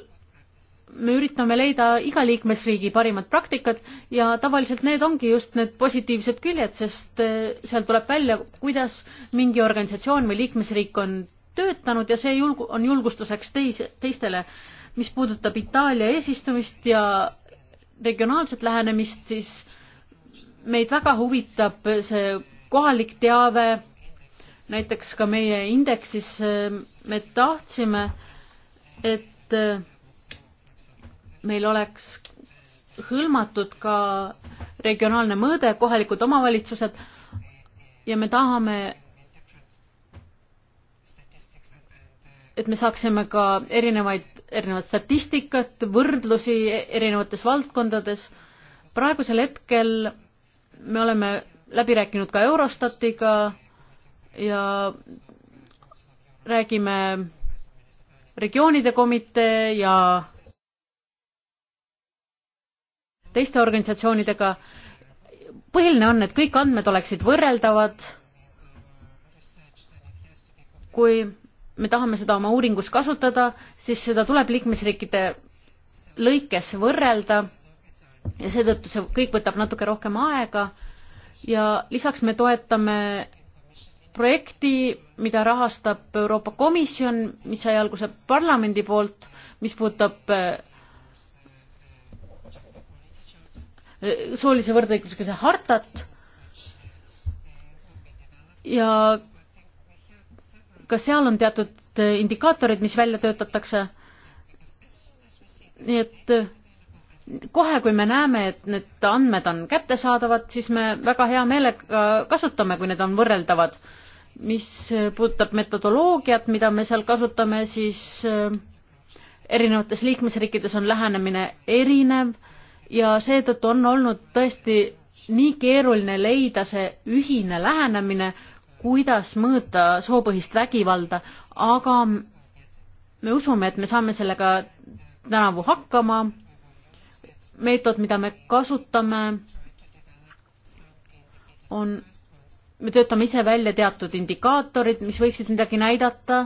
me üritame leida iga liikmesriigi parimad praktikad ja tavaliselt need ongi just need positiivsed küljed, sest eh, sealt tuleb välja, kuidas mingi organisatsioon või liikmesriik on töötanud ja see julgu-, on julgustuseks teis-, teistele. mis puudutab Itaalia eesistumist ja regionaalset lähenemist, siis meid väga huvitab see kohalik teave, näiteks ka meie indeksis eh, me tahtsime, et et äh, meil oleks hõlmatud ka regionaalne mõõde, kohalikud omavalitsused ja me tahame, et me saaksime ka erinevaid, erinevat statistikat, võrdlusi e-, erinevates valdkondades. praegusel hetkel me oleme läbi rääkinud ka Eurostatiga ja räägime regioonide komitee ja teiste organisatsioonidega. põhiline on, et kõik andmed oleksid võrreldavad. kui me tahame seda oma uuringus kasutada, siis seda tuleb liikmesriikide lõikes võrrelda ja seetõttu see kõik võtab natuke rohkem aega ja lisaks me toetame projekti mida rahastab Euroopa Komisjon, mis sai alguse parlamendi poolt, mis puudutab äh, soolise võrdõiguslikkuse hartat ja ka seal on teatud äh, indikaatorid, mis välja töötatakse. nii et äh, kohe, kui me näeme, et need andmed on kättesaadavad, siis me väga hea meelega kasutame, kui need on võrreldavad mis puudutab metodoloogiat, mida me seal kasutame, siis äh, erinevates liikmesriikides on lähenemine erinev ja seetõttu on olnud tõesti nii keeruline leida see ühine lähenemine, kuidas mõõta soopõhist vägivalda, aga me usume, et me saame sellega tänavu hakkama. meetod, mida me kasutame, on me töötame ise välja teatud indikaatorid, mis võiksid midagi näidata,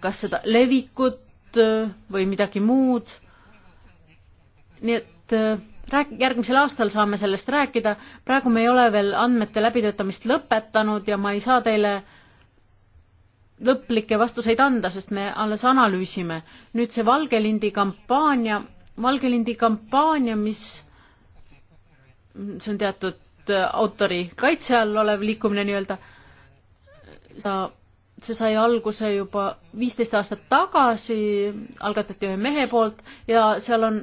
kas seda levikut äh, või midagi muud. nii et äh, rääk-, järgmisel aastal saame sellest rääkida, praegu me ei ole veel andmete läbitöötamist lõpetanud ja ma ei saa teile lõplikke vastuseid anda, sest me alles analüüsime. nüüd see Valge lindi kampaania, Valge lindi kampaania, mis, see on teatud Äh, autori kaitse all olev liikumine nii-öelda, see sai alguse juba viisteist aastat tagasi, algatati ühe mehe poolt ja seal on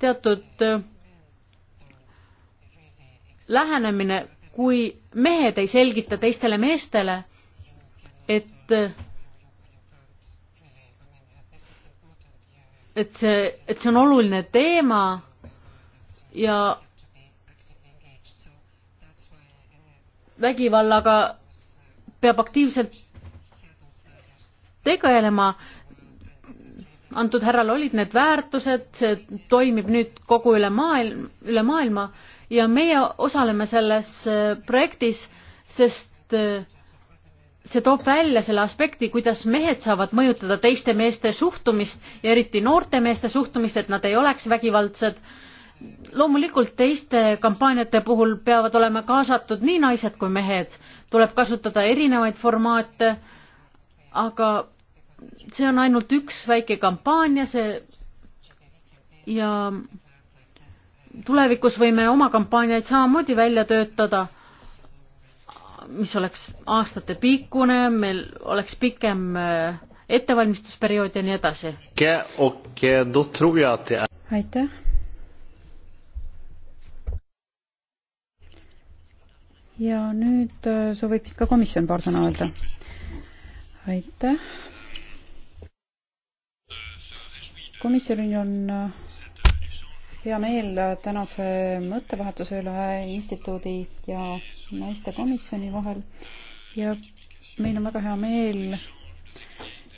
teatud äh, lähenemine, kui mehed ei selgita teistele meestele, et et see, et see on oluline teema ja vägivallaga peab aktiivselt tegelema. antud härral olid need väärtused, see toimib nüüd kogu üle maailm, üle maailma ja meie osaleme selles äh, projektis, sest äh, see toob välja selle aspekti, kuidas mehed saavad mõjutada teiste meeste suhtumist ja eriti noorte meeste suhtumist, et nad ei oleks vägivaldsed loomulikult teiste kampaaniate puhul peavad olema kaasatud nii naised kui mehed, tuleb kasutada erinevaid formaate, aga see on ainult üks väike kampaania, see ja tulevikus võime oma kampaaniaid samamoodi välja töötada, mis oleks aastatepikkune, meil oleks pikem äh, ettevalmistusperiood ja nii edasi. aitäh ja nüüd äh, soovib vist ka komisjon paar sõna öelda. aitäh. komisjonil on äh, hea meel äh, tänase mõttevahetuse üle instituudi ja naistekomisjoni vahel ja meil on väga hea meel,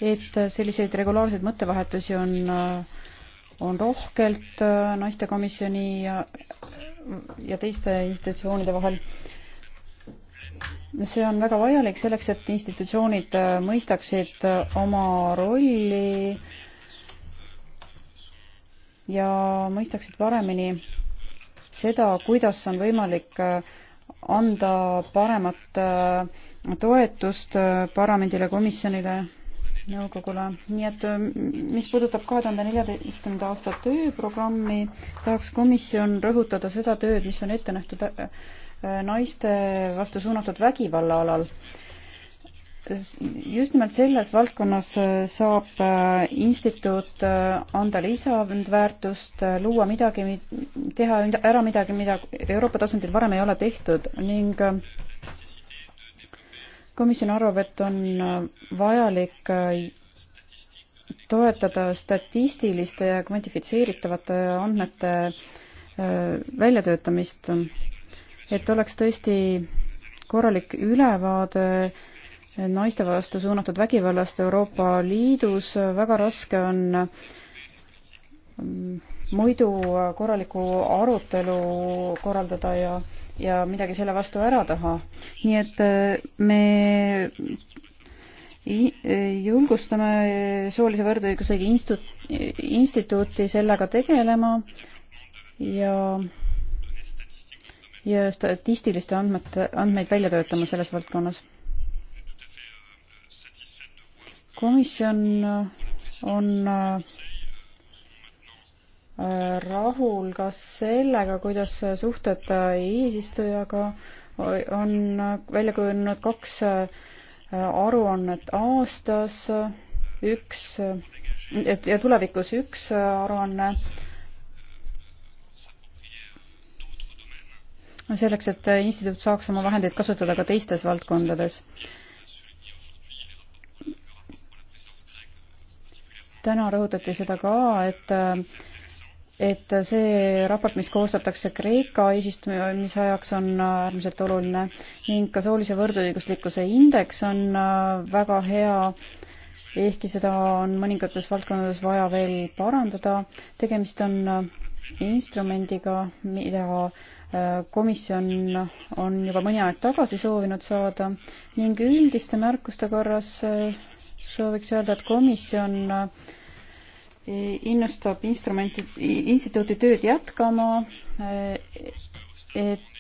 et selliseid regulaarseid mõttevahetusi on, on rohkelt naistekomisjoni ja, ja teiste institutsioonide vahel see on väga vajalik selleks, et institutsioonid äh, mõistaksid äh, oma rolli ja mõistaksid paremini seda, kuidas on võimalik äh, anda paremat toetust parlamendile, komisjonile, nõukogule. nii et mis puudutab kahe tuhande neljateistkümnenda aasta tööprogrammi, tahaks komisjon rõhutada seda tööd, mis on ette nähtud naiste vastu suunatud vägivalla alal. just nimelt selles valdkonnas äh, saab äh, instituut äh, anda lisandväärtust, luua midagi, teha ära midagi, mida Euroopa tasandil varem ei ole tehtud ning komisjon arvab, et on vajalik toetada statistiliste ja kvantifitseeritavate andmete väljatöötamist et oleks tõesti korralik ülevaade naiste vastu suunatud vägivallast Euroopa Liidus, väga raske on mm, muidu korralikku arutelu korraldada ja, ja midagi selle vastu ära teha. nii et äh, me julgustame soolise võrdõigusõige instituuti sellega tegelema ja ja statistiliste andmete, andmeid välja töötama selles valdkonnas. komisjon on äh, rahul ka sellega, kuidas suhted eesistujaga on välja kujunenud kaks äh, aruannet aastas, üks ja tulevikus üks aruanne selleks, et instituut saaks oma vahendeid kasutada ka teistes valdkondades. täna rõhutati seda ka, et et see raport, mis koostatakse Kreeka eesistumise ajaks, on äärmiselt oluline ning ka soolise võrdõiguslikkuse indeks on väga hea ehkki seda on mõningates valdkondades vaja veel parandada. tegemist on instrumendiga, mida komisjon on juba mõni aeg tagasi soovinud saada ning üldiste märkuste korras eh, sooviks öelda, et komisjon eh, innustab instrumenti, instituuti tööd jätkama, eh, et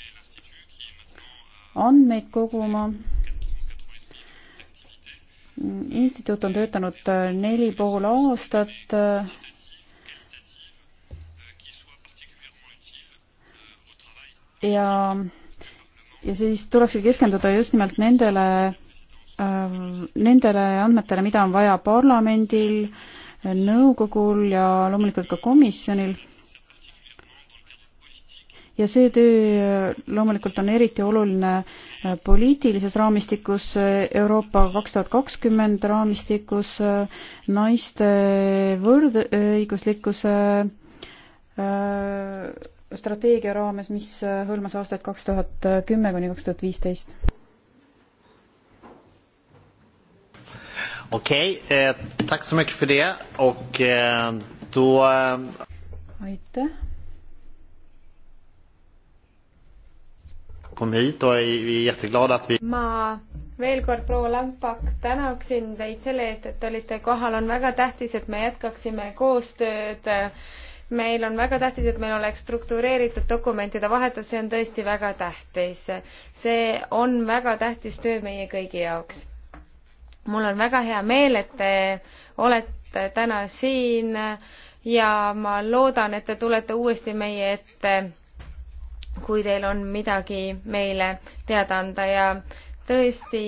andmeid koguma. instituut on töötanud neli pool aastat ja, ja siis tulekski keskenduda just nimelt nendele, äh, nendele andmetele, mida on vaja parlamendil, nõukogul ja loomulikult ka komisjonil ja see töö loomulikult on eriti oluline äh, poliitilises raamistikus, äh, Euroopa kaks tuhat kakskümmend raamistikus, naiste võrdõiguslikkuse strateegia raames, mis hõlmas aastaid kaks tuhat kümme kuni kaks tuhat viisteist. okei okay, eh,, tänks så mycket för det och eh, då... Eh, aitäh. kom hit och vi är jätteglada att vi... ma veel kord, proua Lampak, tänaksin teid selle eest, et olite kohal, on väga tähtis, et me jätkaksime koostööd meil on väga tähtis, et meil oleks struktureeritud dokumentide vahetus, see on tõesti väga tähtis. see on väga tähtis töö meie kõigi jaoks. mul on väga hea meel, et te olete täna siin ja ma loodan, et te tulete uuesti meie ette, kui teil on midagi meile teada anda ja tõesti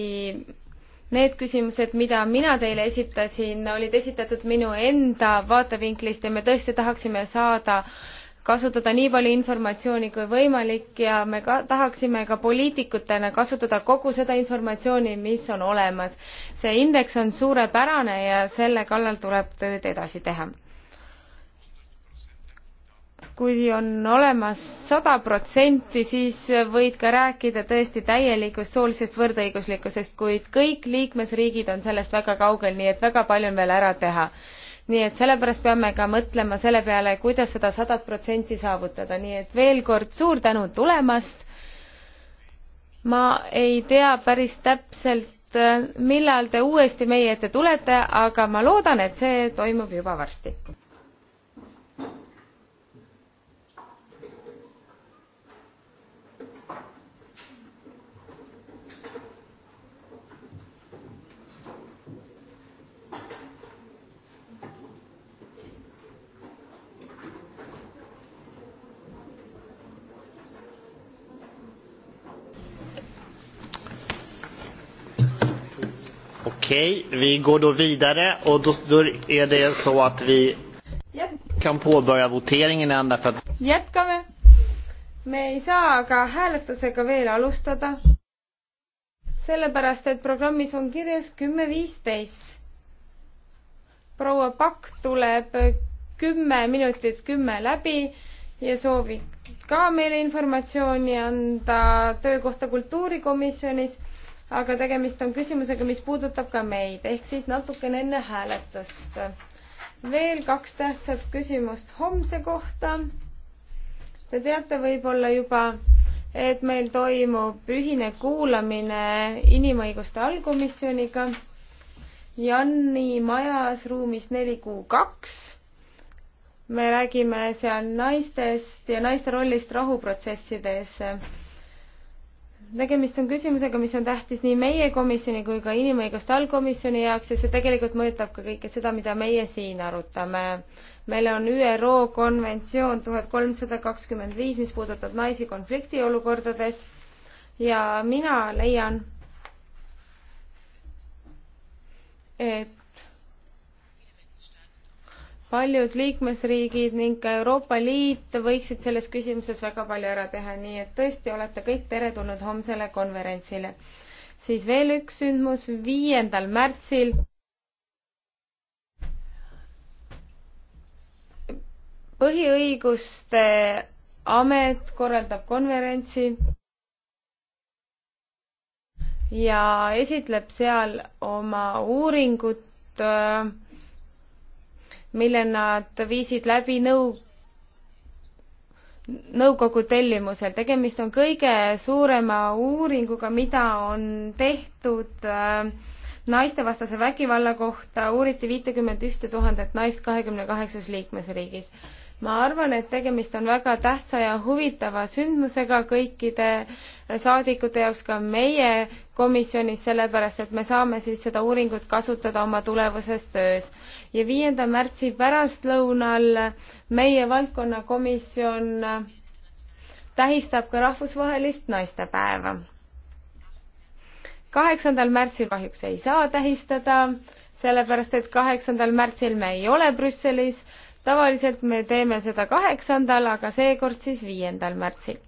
Need küsimused, mida mina teile esitasin, olid esitatud minu enda vaatevinklist ja me tõesti tahaksime saada kasutada nii palju informatsiooni kui võimalik ja me ka tahaksime ka poliitikutena kasutada kogu seda informatsiooni, mis on olemas. see indeks on suurepärane ja selle kallal tuleb tööd edasi teha kui on olemas sada protsenti, siis võid ka rääkida tõesti täielikust soolisest võrdõiguslikkusest, kuid kõik liikmesriigid on sellest väga kaugel, nii et väga palju on veel ära teha. nii et sellepärast peame ka mõtlema selle peale, kuidas seda sadat protsenti saavutada, nii et veel kord suur tänu tulemast. ma ei tea päris täpselt, millal te uuesti meie ette tulete, aga ma loodan, et see toimub juba varsti. Okej, okay, vi går då vidare och då, då är det så att vi Jep. kan påbörja voteringen ända för att... Jätkame. me ei saa aga hääletusega veel alustada, sellepärast et programmis on kirjas kümme viisteist. proua Pakk tuleb kümme minutit kümme läbi ja soovib ka meile informatsiooni anda töökohta kultuurikomisjonis aga tegemist on küsimusega, mis puudutab ka meid, ehk siis natukene enne hääletust. veel kaks tähtsat küsimust homse kohta. Te teate võib-olla juba, et meil toimub ühine kuulamine inimõiguste allkomisjoniga Janni majas ruumis neli kuu kaks. me räägime seal naistest ja naiste rollist rahuprotsessides tegemist on küsimusega, mis on tähtis nii meie komisjoni kui ka inimõiguste allkomisjoni jaoks ja see tegelikult mõjutab ka kõike seda, mida meie siin arutame. meil on ÜRO konventsioon tuhat kolmsada kakskümmend viis, mis puudutab naisi konfliktiolukordades ja mina leian, et paljud liikmesriigid ning ka Euroopa Liit võiksid selles küsimuses väga palju ära teha, nii et tõesti olete kõik teretulnud homsele konverentsile. siis veel üks sündmus, viiendal märtsil põhiõiguste amet korraldab konverentsi ja esitleb seal oma uuringut äh, mille nad viisid läbi nõu-, nõukogu tellimusel. tegemist on kõige suurema uuringuga, mida on tehtud äh, naistevastase vägivalla kohta, uuriti viitekümmet ühte tuhandet naist kahekümne kaheksas liikmesriigis ma arvan, et tegemist on väga tähtsa ja huvitava sündmusega kõikide saadikute jaoks ka meie komisjonis, sellepärast et me saame siis seda uuringut kasutada oma tulevases töös. ja viienda märtsi pärastlõunal meie valdkonnakomisjon tähistab ka rahvusvahelist naistepäeva. kaheksandal märtsil kahjuks ei saa tähistada, sellepärast et kaheksandal märtsil me ei ole Brüsselis tavaliselt me teeme seda kaheksandal, aga seekord siis viiendal märtsil.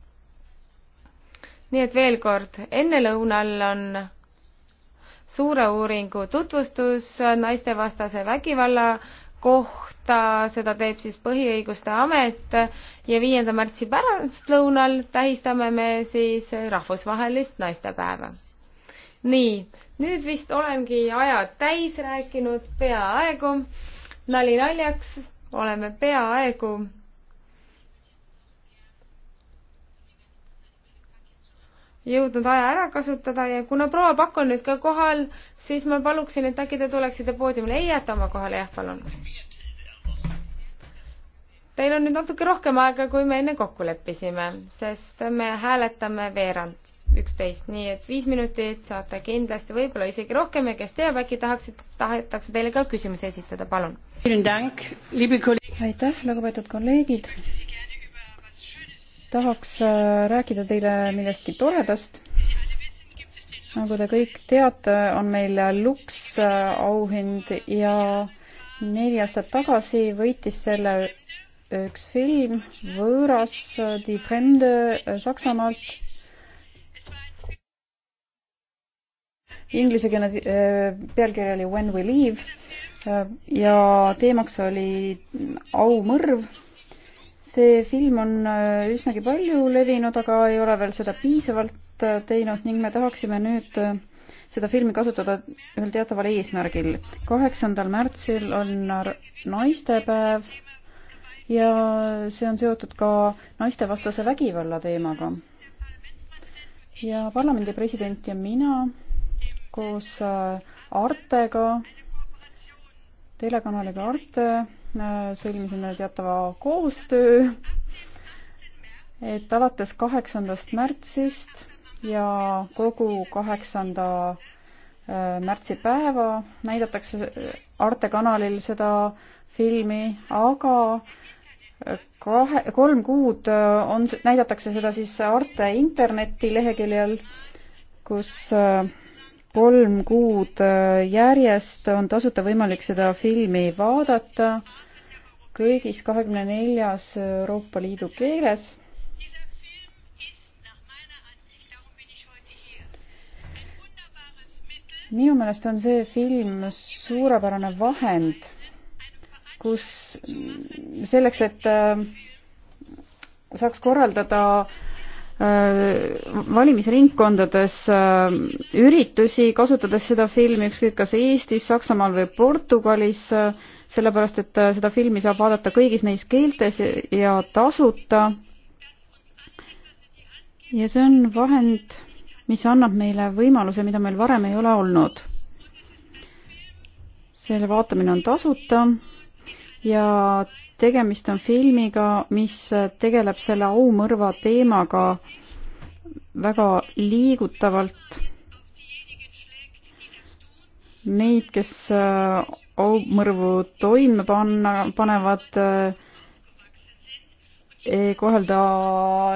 nii et veel kord, ennelõunal on suure uuringu tutvustus naistevastase vägivalla kohta, seda teeb siis Põhiõiguste Amet ja viienda märtsi pärastlõunal tähistame me siis rahvusvahelist naistepäeva. nii, nüüd vist olengi ajad täis rääkinud peaaegu, nali naljaks oleme peaaegu jõudnud aja ära kasutada ja kuna proua Pakk on nüüd ka kohal, siis ma paluksin, et äkki te tuleksite poodiumile. ei jääta oma kohale, jah, palun. Teil on nüüd natuke rohkem aega, kui me enne kokku leppisime, sest me hääletame veerand üksteist, nii et viis minutit saate kindlasti, võib-olla isegi rohkem ja kes teab, äkki tahaksid, tahetakse teile ka küsimusi esitada, palun. aitäh, lugupeetud kolleegid. tahaks äh, rääkida teile millestki toredast. nagu te kõik teate, on meil Lux äh, auhind ja neli aastat tagasi võitis selle üks film Võõras, äh, Die Fremde Saksamaalt inglisekeelne äh, pealkiri oli When we leave äh, ja teemaks oli aumõrv. see film on äh, üsnagi palju levinud, aga ei ole veel seda piisavalt teinud ning me tahaksime nüüd seda filmi kasutada ühel teataval eesmärgil. kaheksandal märtsil on naistepäev ja see on seotud ka naistevastase vägivalla teemaga. ja parlamendi president ja mina koos äh, Artega, telekanaliga Arte äh, sõlmisime teatava koostöö, et alates kaheksandast märtsist ja kogu kaheksanda äh, märtsi päeva näidatakse Arte kanalil seda filmi, aga kahe, kolm kuud on, näidatakse seda siis Arte internetileheküljel, kus äh, kolm kuud äh, järjest on tasuta võimalik seda filmi vaadata kõigis kahekümne neljas Euroopa Liidu keeles. minu meelest on see film suurepärane vahend, kus selleks, et äh, saaks korraldada äh, Äh, valimisringkondades äh, üritusi, kasutades seda filmi ükskõik kas Eestis, Saksamaal või Portugalis, äh, sellepärast et seda filmi saab vaadata kõigis neis keeltes ja tasuta. ja see on vahend, mis annab meile võimaluse, mida meil varem ei ole olnud. selle vaatamine on tasuta ja tegemist on filmiga, mis tegeleb selle aumõrva teemaga väga liigutavalt. Neid, kes äh, aumõrvu toime panna, panevad äh, ei kohelda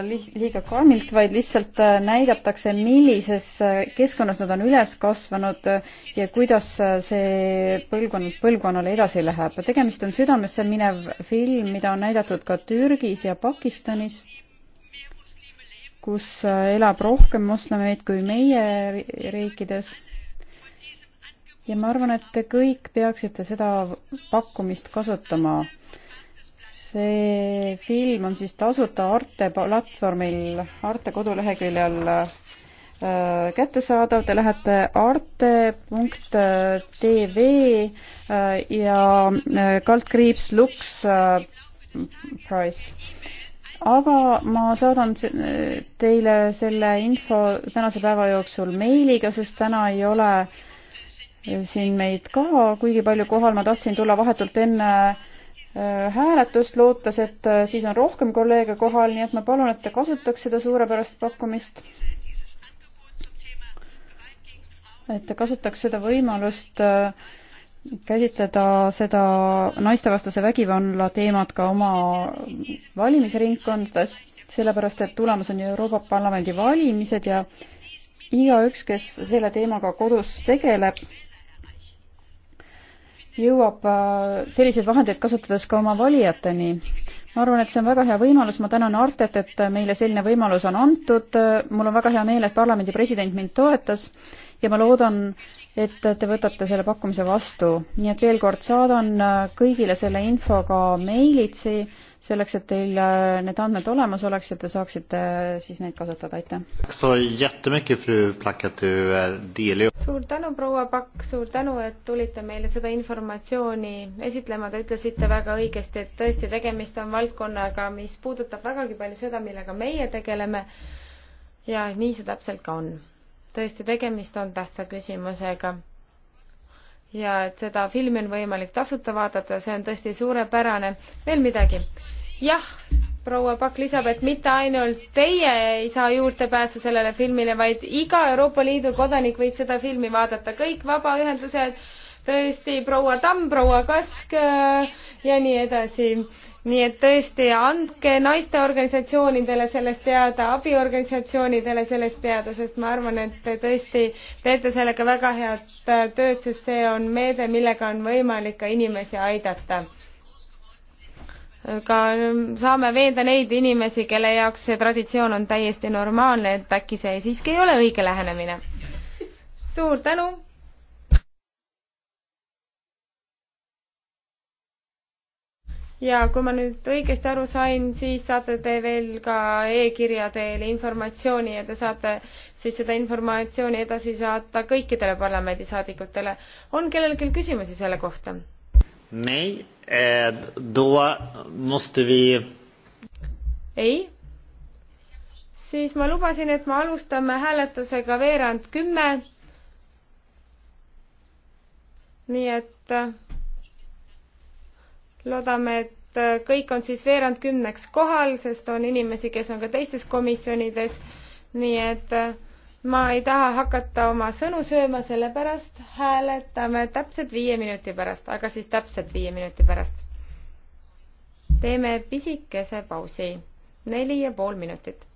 liiga karmilt, vaid lihtsalt äh, näidatakse, millises äh, keskkonnas nad on üles kasvanud ja kuidas äh, see põlvkonnalt põlvkonnale edasi läheb. tegemist on südamesse minev film, mida on näidatud ka Türgis ja Pakistanis, kus elab rohkem moslemeid kui meie riikides. ja ma arvan, et te kõik peaksite seda pakkumist kasutama see film on siis tasuta Arte platvormil, Arte koduleheküljel äh, kättesaadav, te lähete arte.tv äh, ja äh, kaldkriips Lux Price. aga ma saadan teile selle info tänase päeva jooksul meiliga, sest täna ei ole siin meid ka kuigi palju kohal, ma tahtsin tulla vahetult enne äh, Äh, hääletust, lootes, et äh, siis on rohkem kolleege kohal, nii et ma palun, et te kasutaks seda suurepärast pakkumist. et te kasutaks seda võimalust äh, käsitleda seda naistevastase vägivalla teemat ka oma valimisringkondades, sellepärast et tulemas on ju Euroopa Parlamendi valimised ja igaüks, kes selle teemaga kodus tegeleb, jõuab äh, selliseid vahendeid kasutades ka oma valijateni. ma arvan, et see on väga hea võimalus, ma tänan Artet, et meile selline võimalus on antud, mul on väga hea meel, et parlamendi president mind toetas ja ma loodan, et te võtate selle pakkumise vastu. nii et veel kord saadan äh, kõigile selle info ka meilitsi, selleks et teil äh, need andmed olemas oleks ja te saaksite siis neid kasutada, aitäh suur tänu, proua Pakk, suur tänu, et tulite meile seda informatsiooni esitlema, te ütlesite väga õigesti, et tõesti, tegemist on valdkonnaga, mis puudutab vägagi palju seda, millega meie tegeleme ja nii see täpselt ka on. tõesti, tegemist on tähtsa küsimusega. ja et seda filmi on võimalik tasuta vaadata, see on tõesti suurepärane. veel midagi? jah proua Pakk-Lisabeth, mitte ainult teie ei saa juurdepääsu sellele filmile, vaid iga Euroopa Liidu kodanik võib seda filmi vaadata, kõik vabaühendused, tõesti proua Tamm, proua Kask äh, ja nii edasi nii et tõesti, andke naisteorganisatsioonidele sellest teada, abiorganisatsioonidele sellest teada, sest ma arvan, et te tõesti teete sellega väga head tööd, sest see on meede, millega on võimalik ka inimesi aidata ka saame veenda neid inimesi, kelle jaoks see traditsioon on täiesti normaalne, et äkki see siiski ei ole õige lähenemine. suur tänu! ja kui ma nüüd õigesti aru sain, siis saate te veel ka e-kirja teel informatsiooni ja te saate siis seda informatsiooni edasi saata kõikidele parlamendisaadikutele. on kellelgi küsimusi selle kohta? Nej, eh, då måste vi... ei. siis ma lubasin, et me alustame hääletusega veerand kümme. nii et eh, loodame, et eh, kõik on siis veerand kümneks kohal, sest on inimesi, kes on ka teistes komisjonides. nii et ma ei taha hakata oma sõnu sööma, sellepärast hääletame täpselt viie minuti pärast, aga siis täpselt viie minuti pärast. teeme pisikese pausi, neli ja pool minutit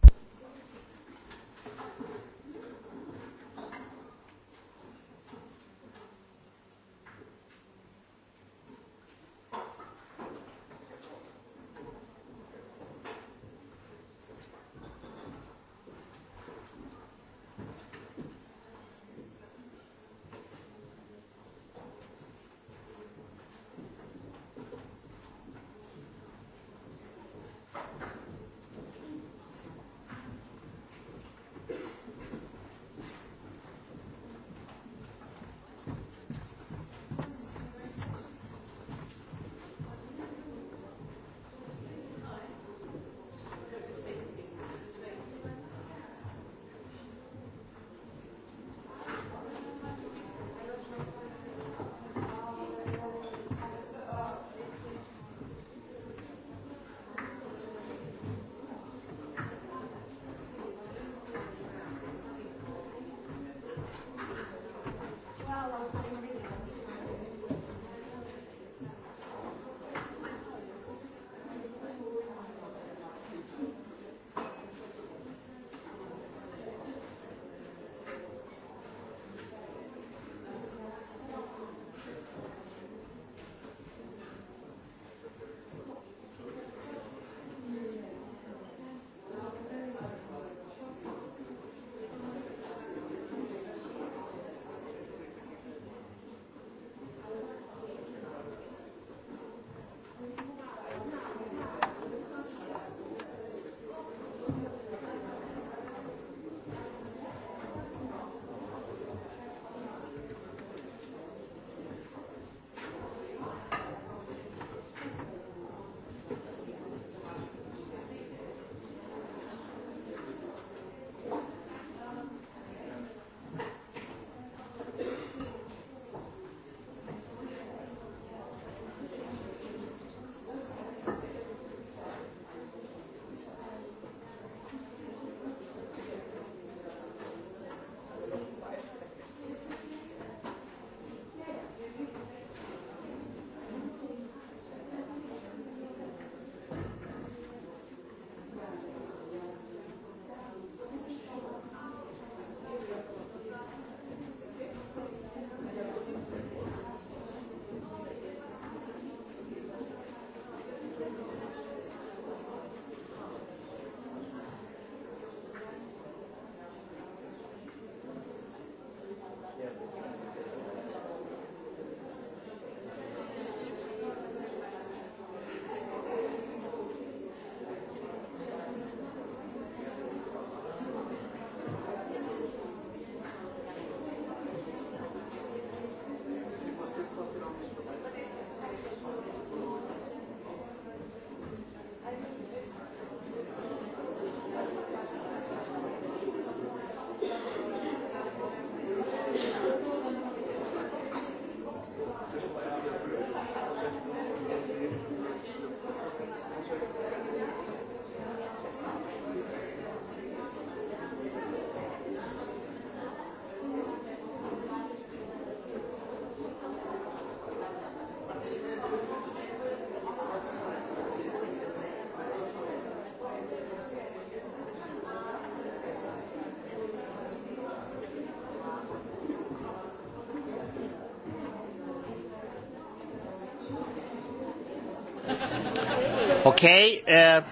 okei okay, uh,,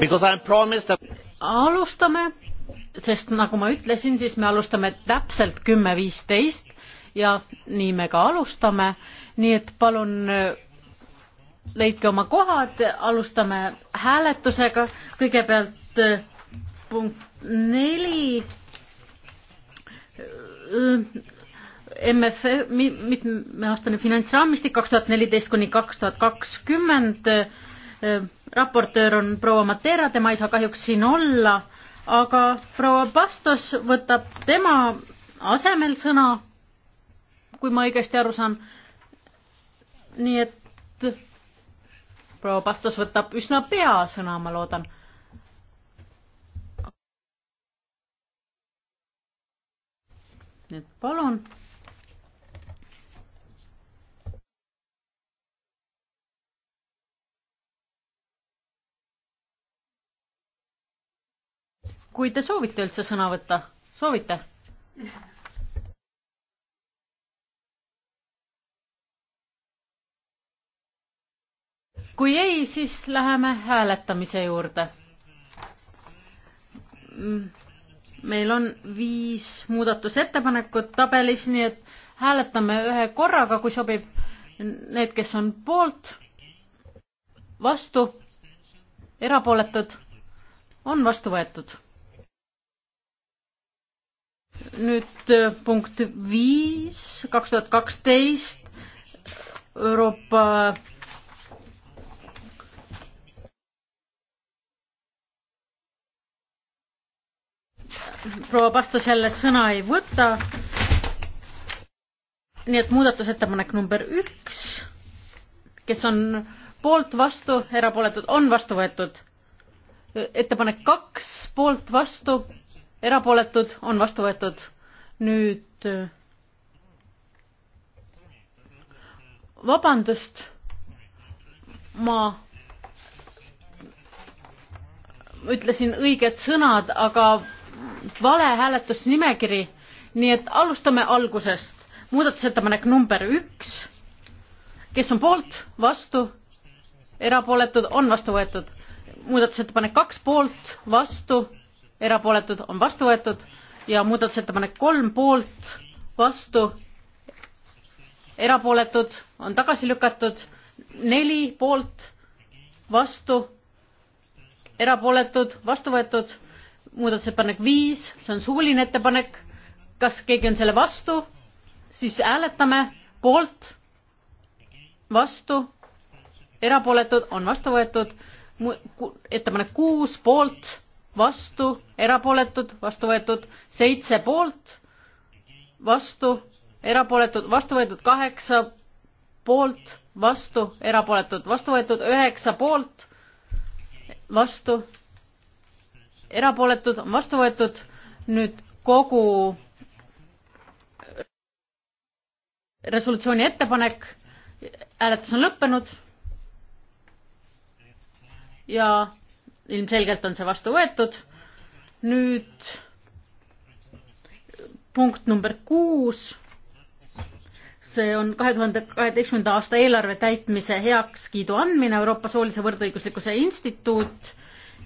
because I am promised that... alustame, sest nagu ma ütlesin, siis me alustame täpselt kümme viisteist ja nii me ka alustame, nii et palun uh, leidke oma kohad, alustame hääletusega, kõigepealt uh, punkt neli uh, MFF, e, mitmeaastane finantsraamistik kaks tuhat neliteist kuni kaks tuhat kakskümmend. raportöör on proua Matera, tema ei saa kahjuks siin olla, aga proua Pastos võtab tema asemel sõna, kui ma õigesti aru saan. nii et proua Pastos võtab üsna pea sõna, ma loodan nii et palun kui te soovite üldse sõna võtta, soovite? kui ei, siis läheme hääletamise juurde. Mm, meil on viis muudatusettepanekut tabelis, nii et hääletame ühe korraga, kui sobib. Need, kes on poolt, vastu, erapooletud, on vastu võetud nüüd äh, punkt viis, kaks tuhat kaksteist Euroopa proua Pastos jälle sõna ei võta. nii et muudatusettepanek number üks, kes on poolt, vastu, erapooletud, on vastu võetud. ettepanek kaks, poolt, vastu erapooletud, on vastu võetud. nüüd vabandust, ma ütlesin õiged sõnad, aga vale hääletusnimekiri, nii et alustame algusest. muudatusettepanek number üks, kes on poolt, vastu, erapooletud, on vastu võetud. muudatusettepanek kaks poolt, vastu erapooletud, on vastu võetud ja muudatusettepanek kolm poolt, vastu, erapooletud, on tagasi lükatud, neli poolt, vastu, erapooletud, vastu võetud, muudatusettepanek viis, see on suuline ettepanek, kas keegi on selle vastu, siis hääletame poolt, vastu, erapooletud, on vastu võetud, ettepanek kuus poolt vastu, erapooletud, vastu võetud seitse poolt, vastu, erapooletud, vastu võetud kaheksa poolt, vastu, erapooletud, vastu võetud üheksa poolt, vastu, erapooletud, vastu võetud, nüüd kogu resolutsiooni ettepanek, hääletus on lõppenud ja ilmselgelt on see vastu võetud. nüüd punkt number kuus. see on kahe tuhande kaheteistkümnenda aasta eelarve täitmise heakskiidu andmine Euroopa soolise võrdõiguslikkuse instituut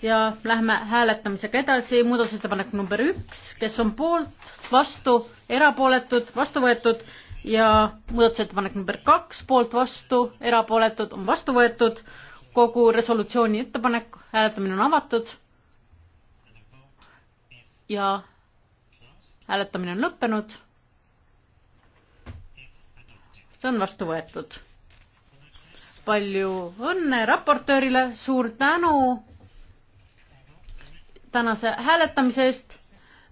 ja lähme hääletamisega edasi. muudatusettepanek number üks, kes on poolt, vastu, erapooletud, vastu võetud ja muudatusettepanek number kaks, poolt, vastu, erapooletud, on vastu võetud kogu resolutsiooni ettepanek, hääletamine on avatud. ja hääletamine on lõppenud. see on vastu võetud. palju õnne raportöörile, suur tänu tänase hääletamise eest.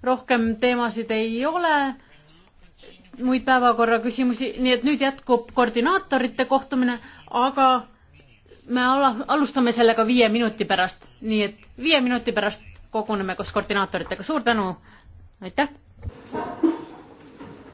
rohkem teemasid ei ole, muid päevakorraküsimusi, nii et nüüd jätkub koordinaatorite kohtumine, aga me alustame sellega viie minuti pärast, nii et viie minuti pärast koguneme koos koordinaatoritega, suur tänu, aitäh!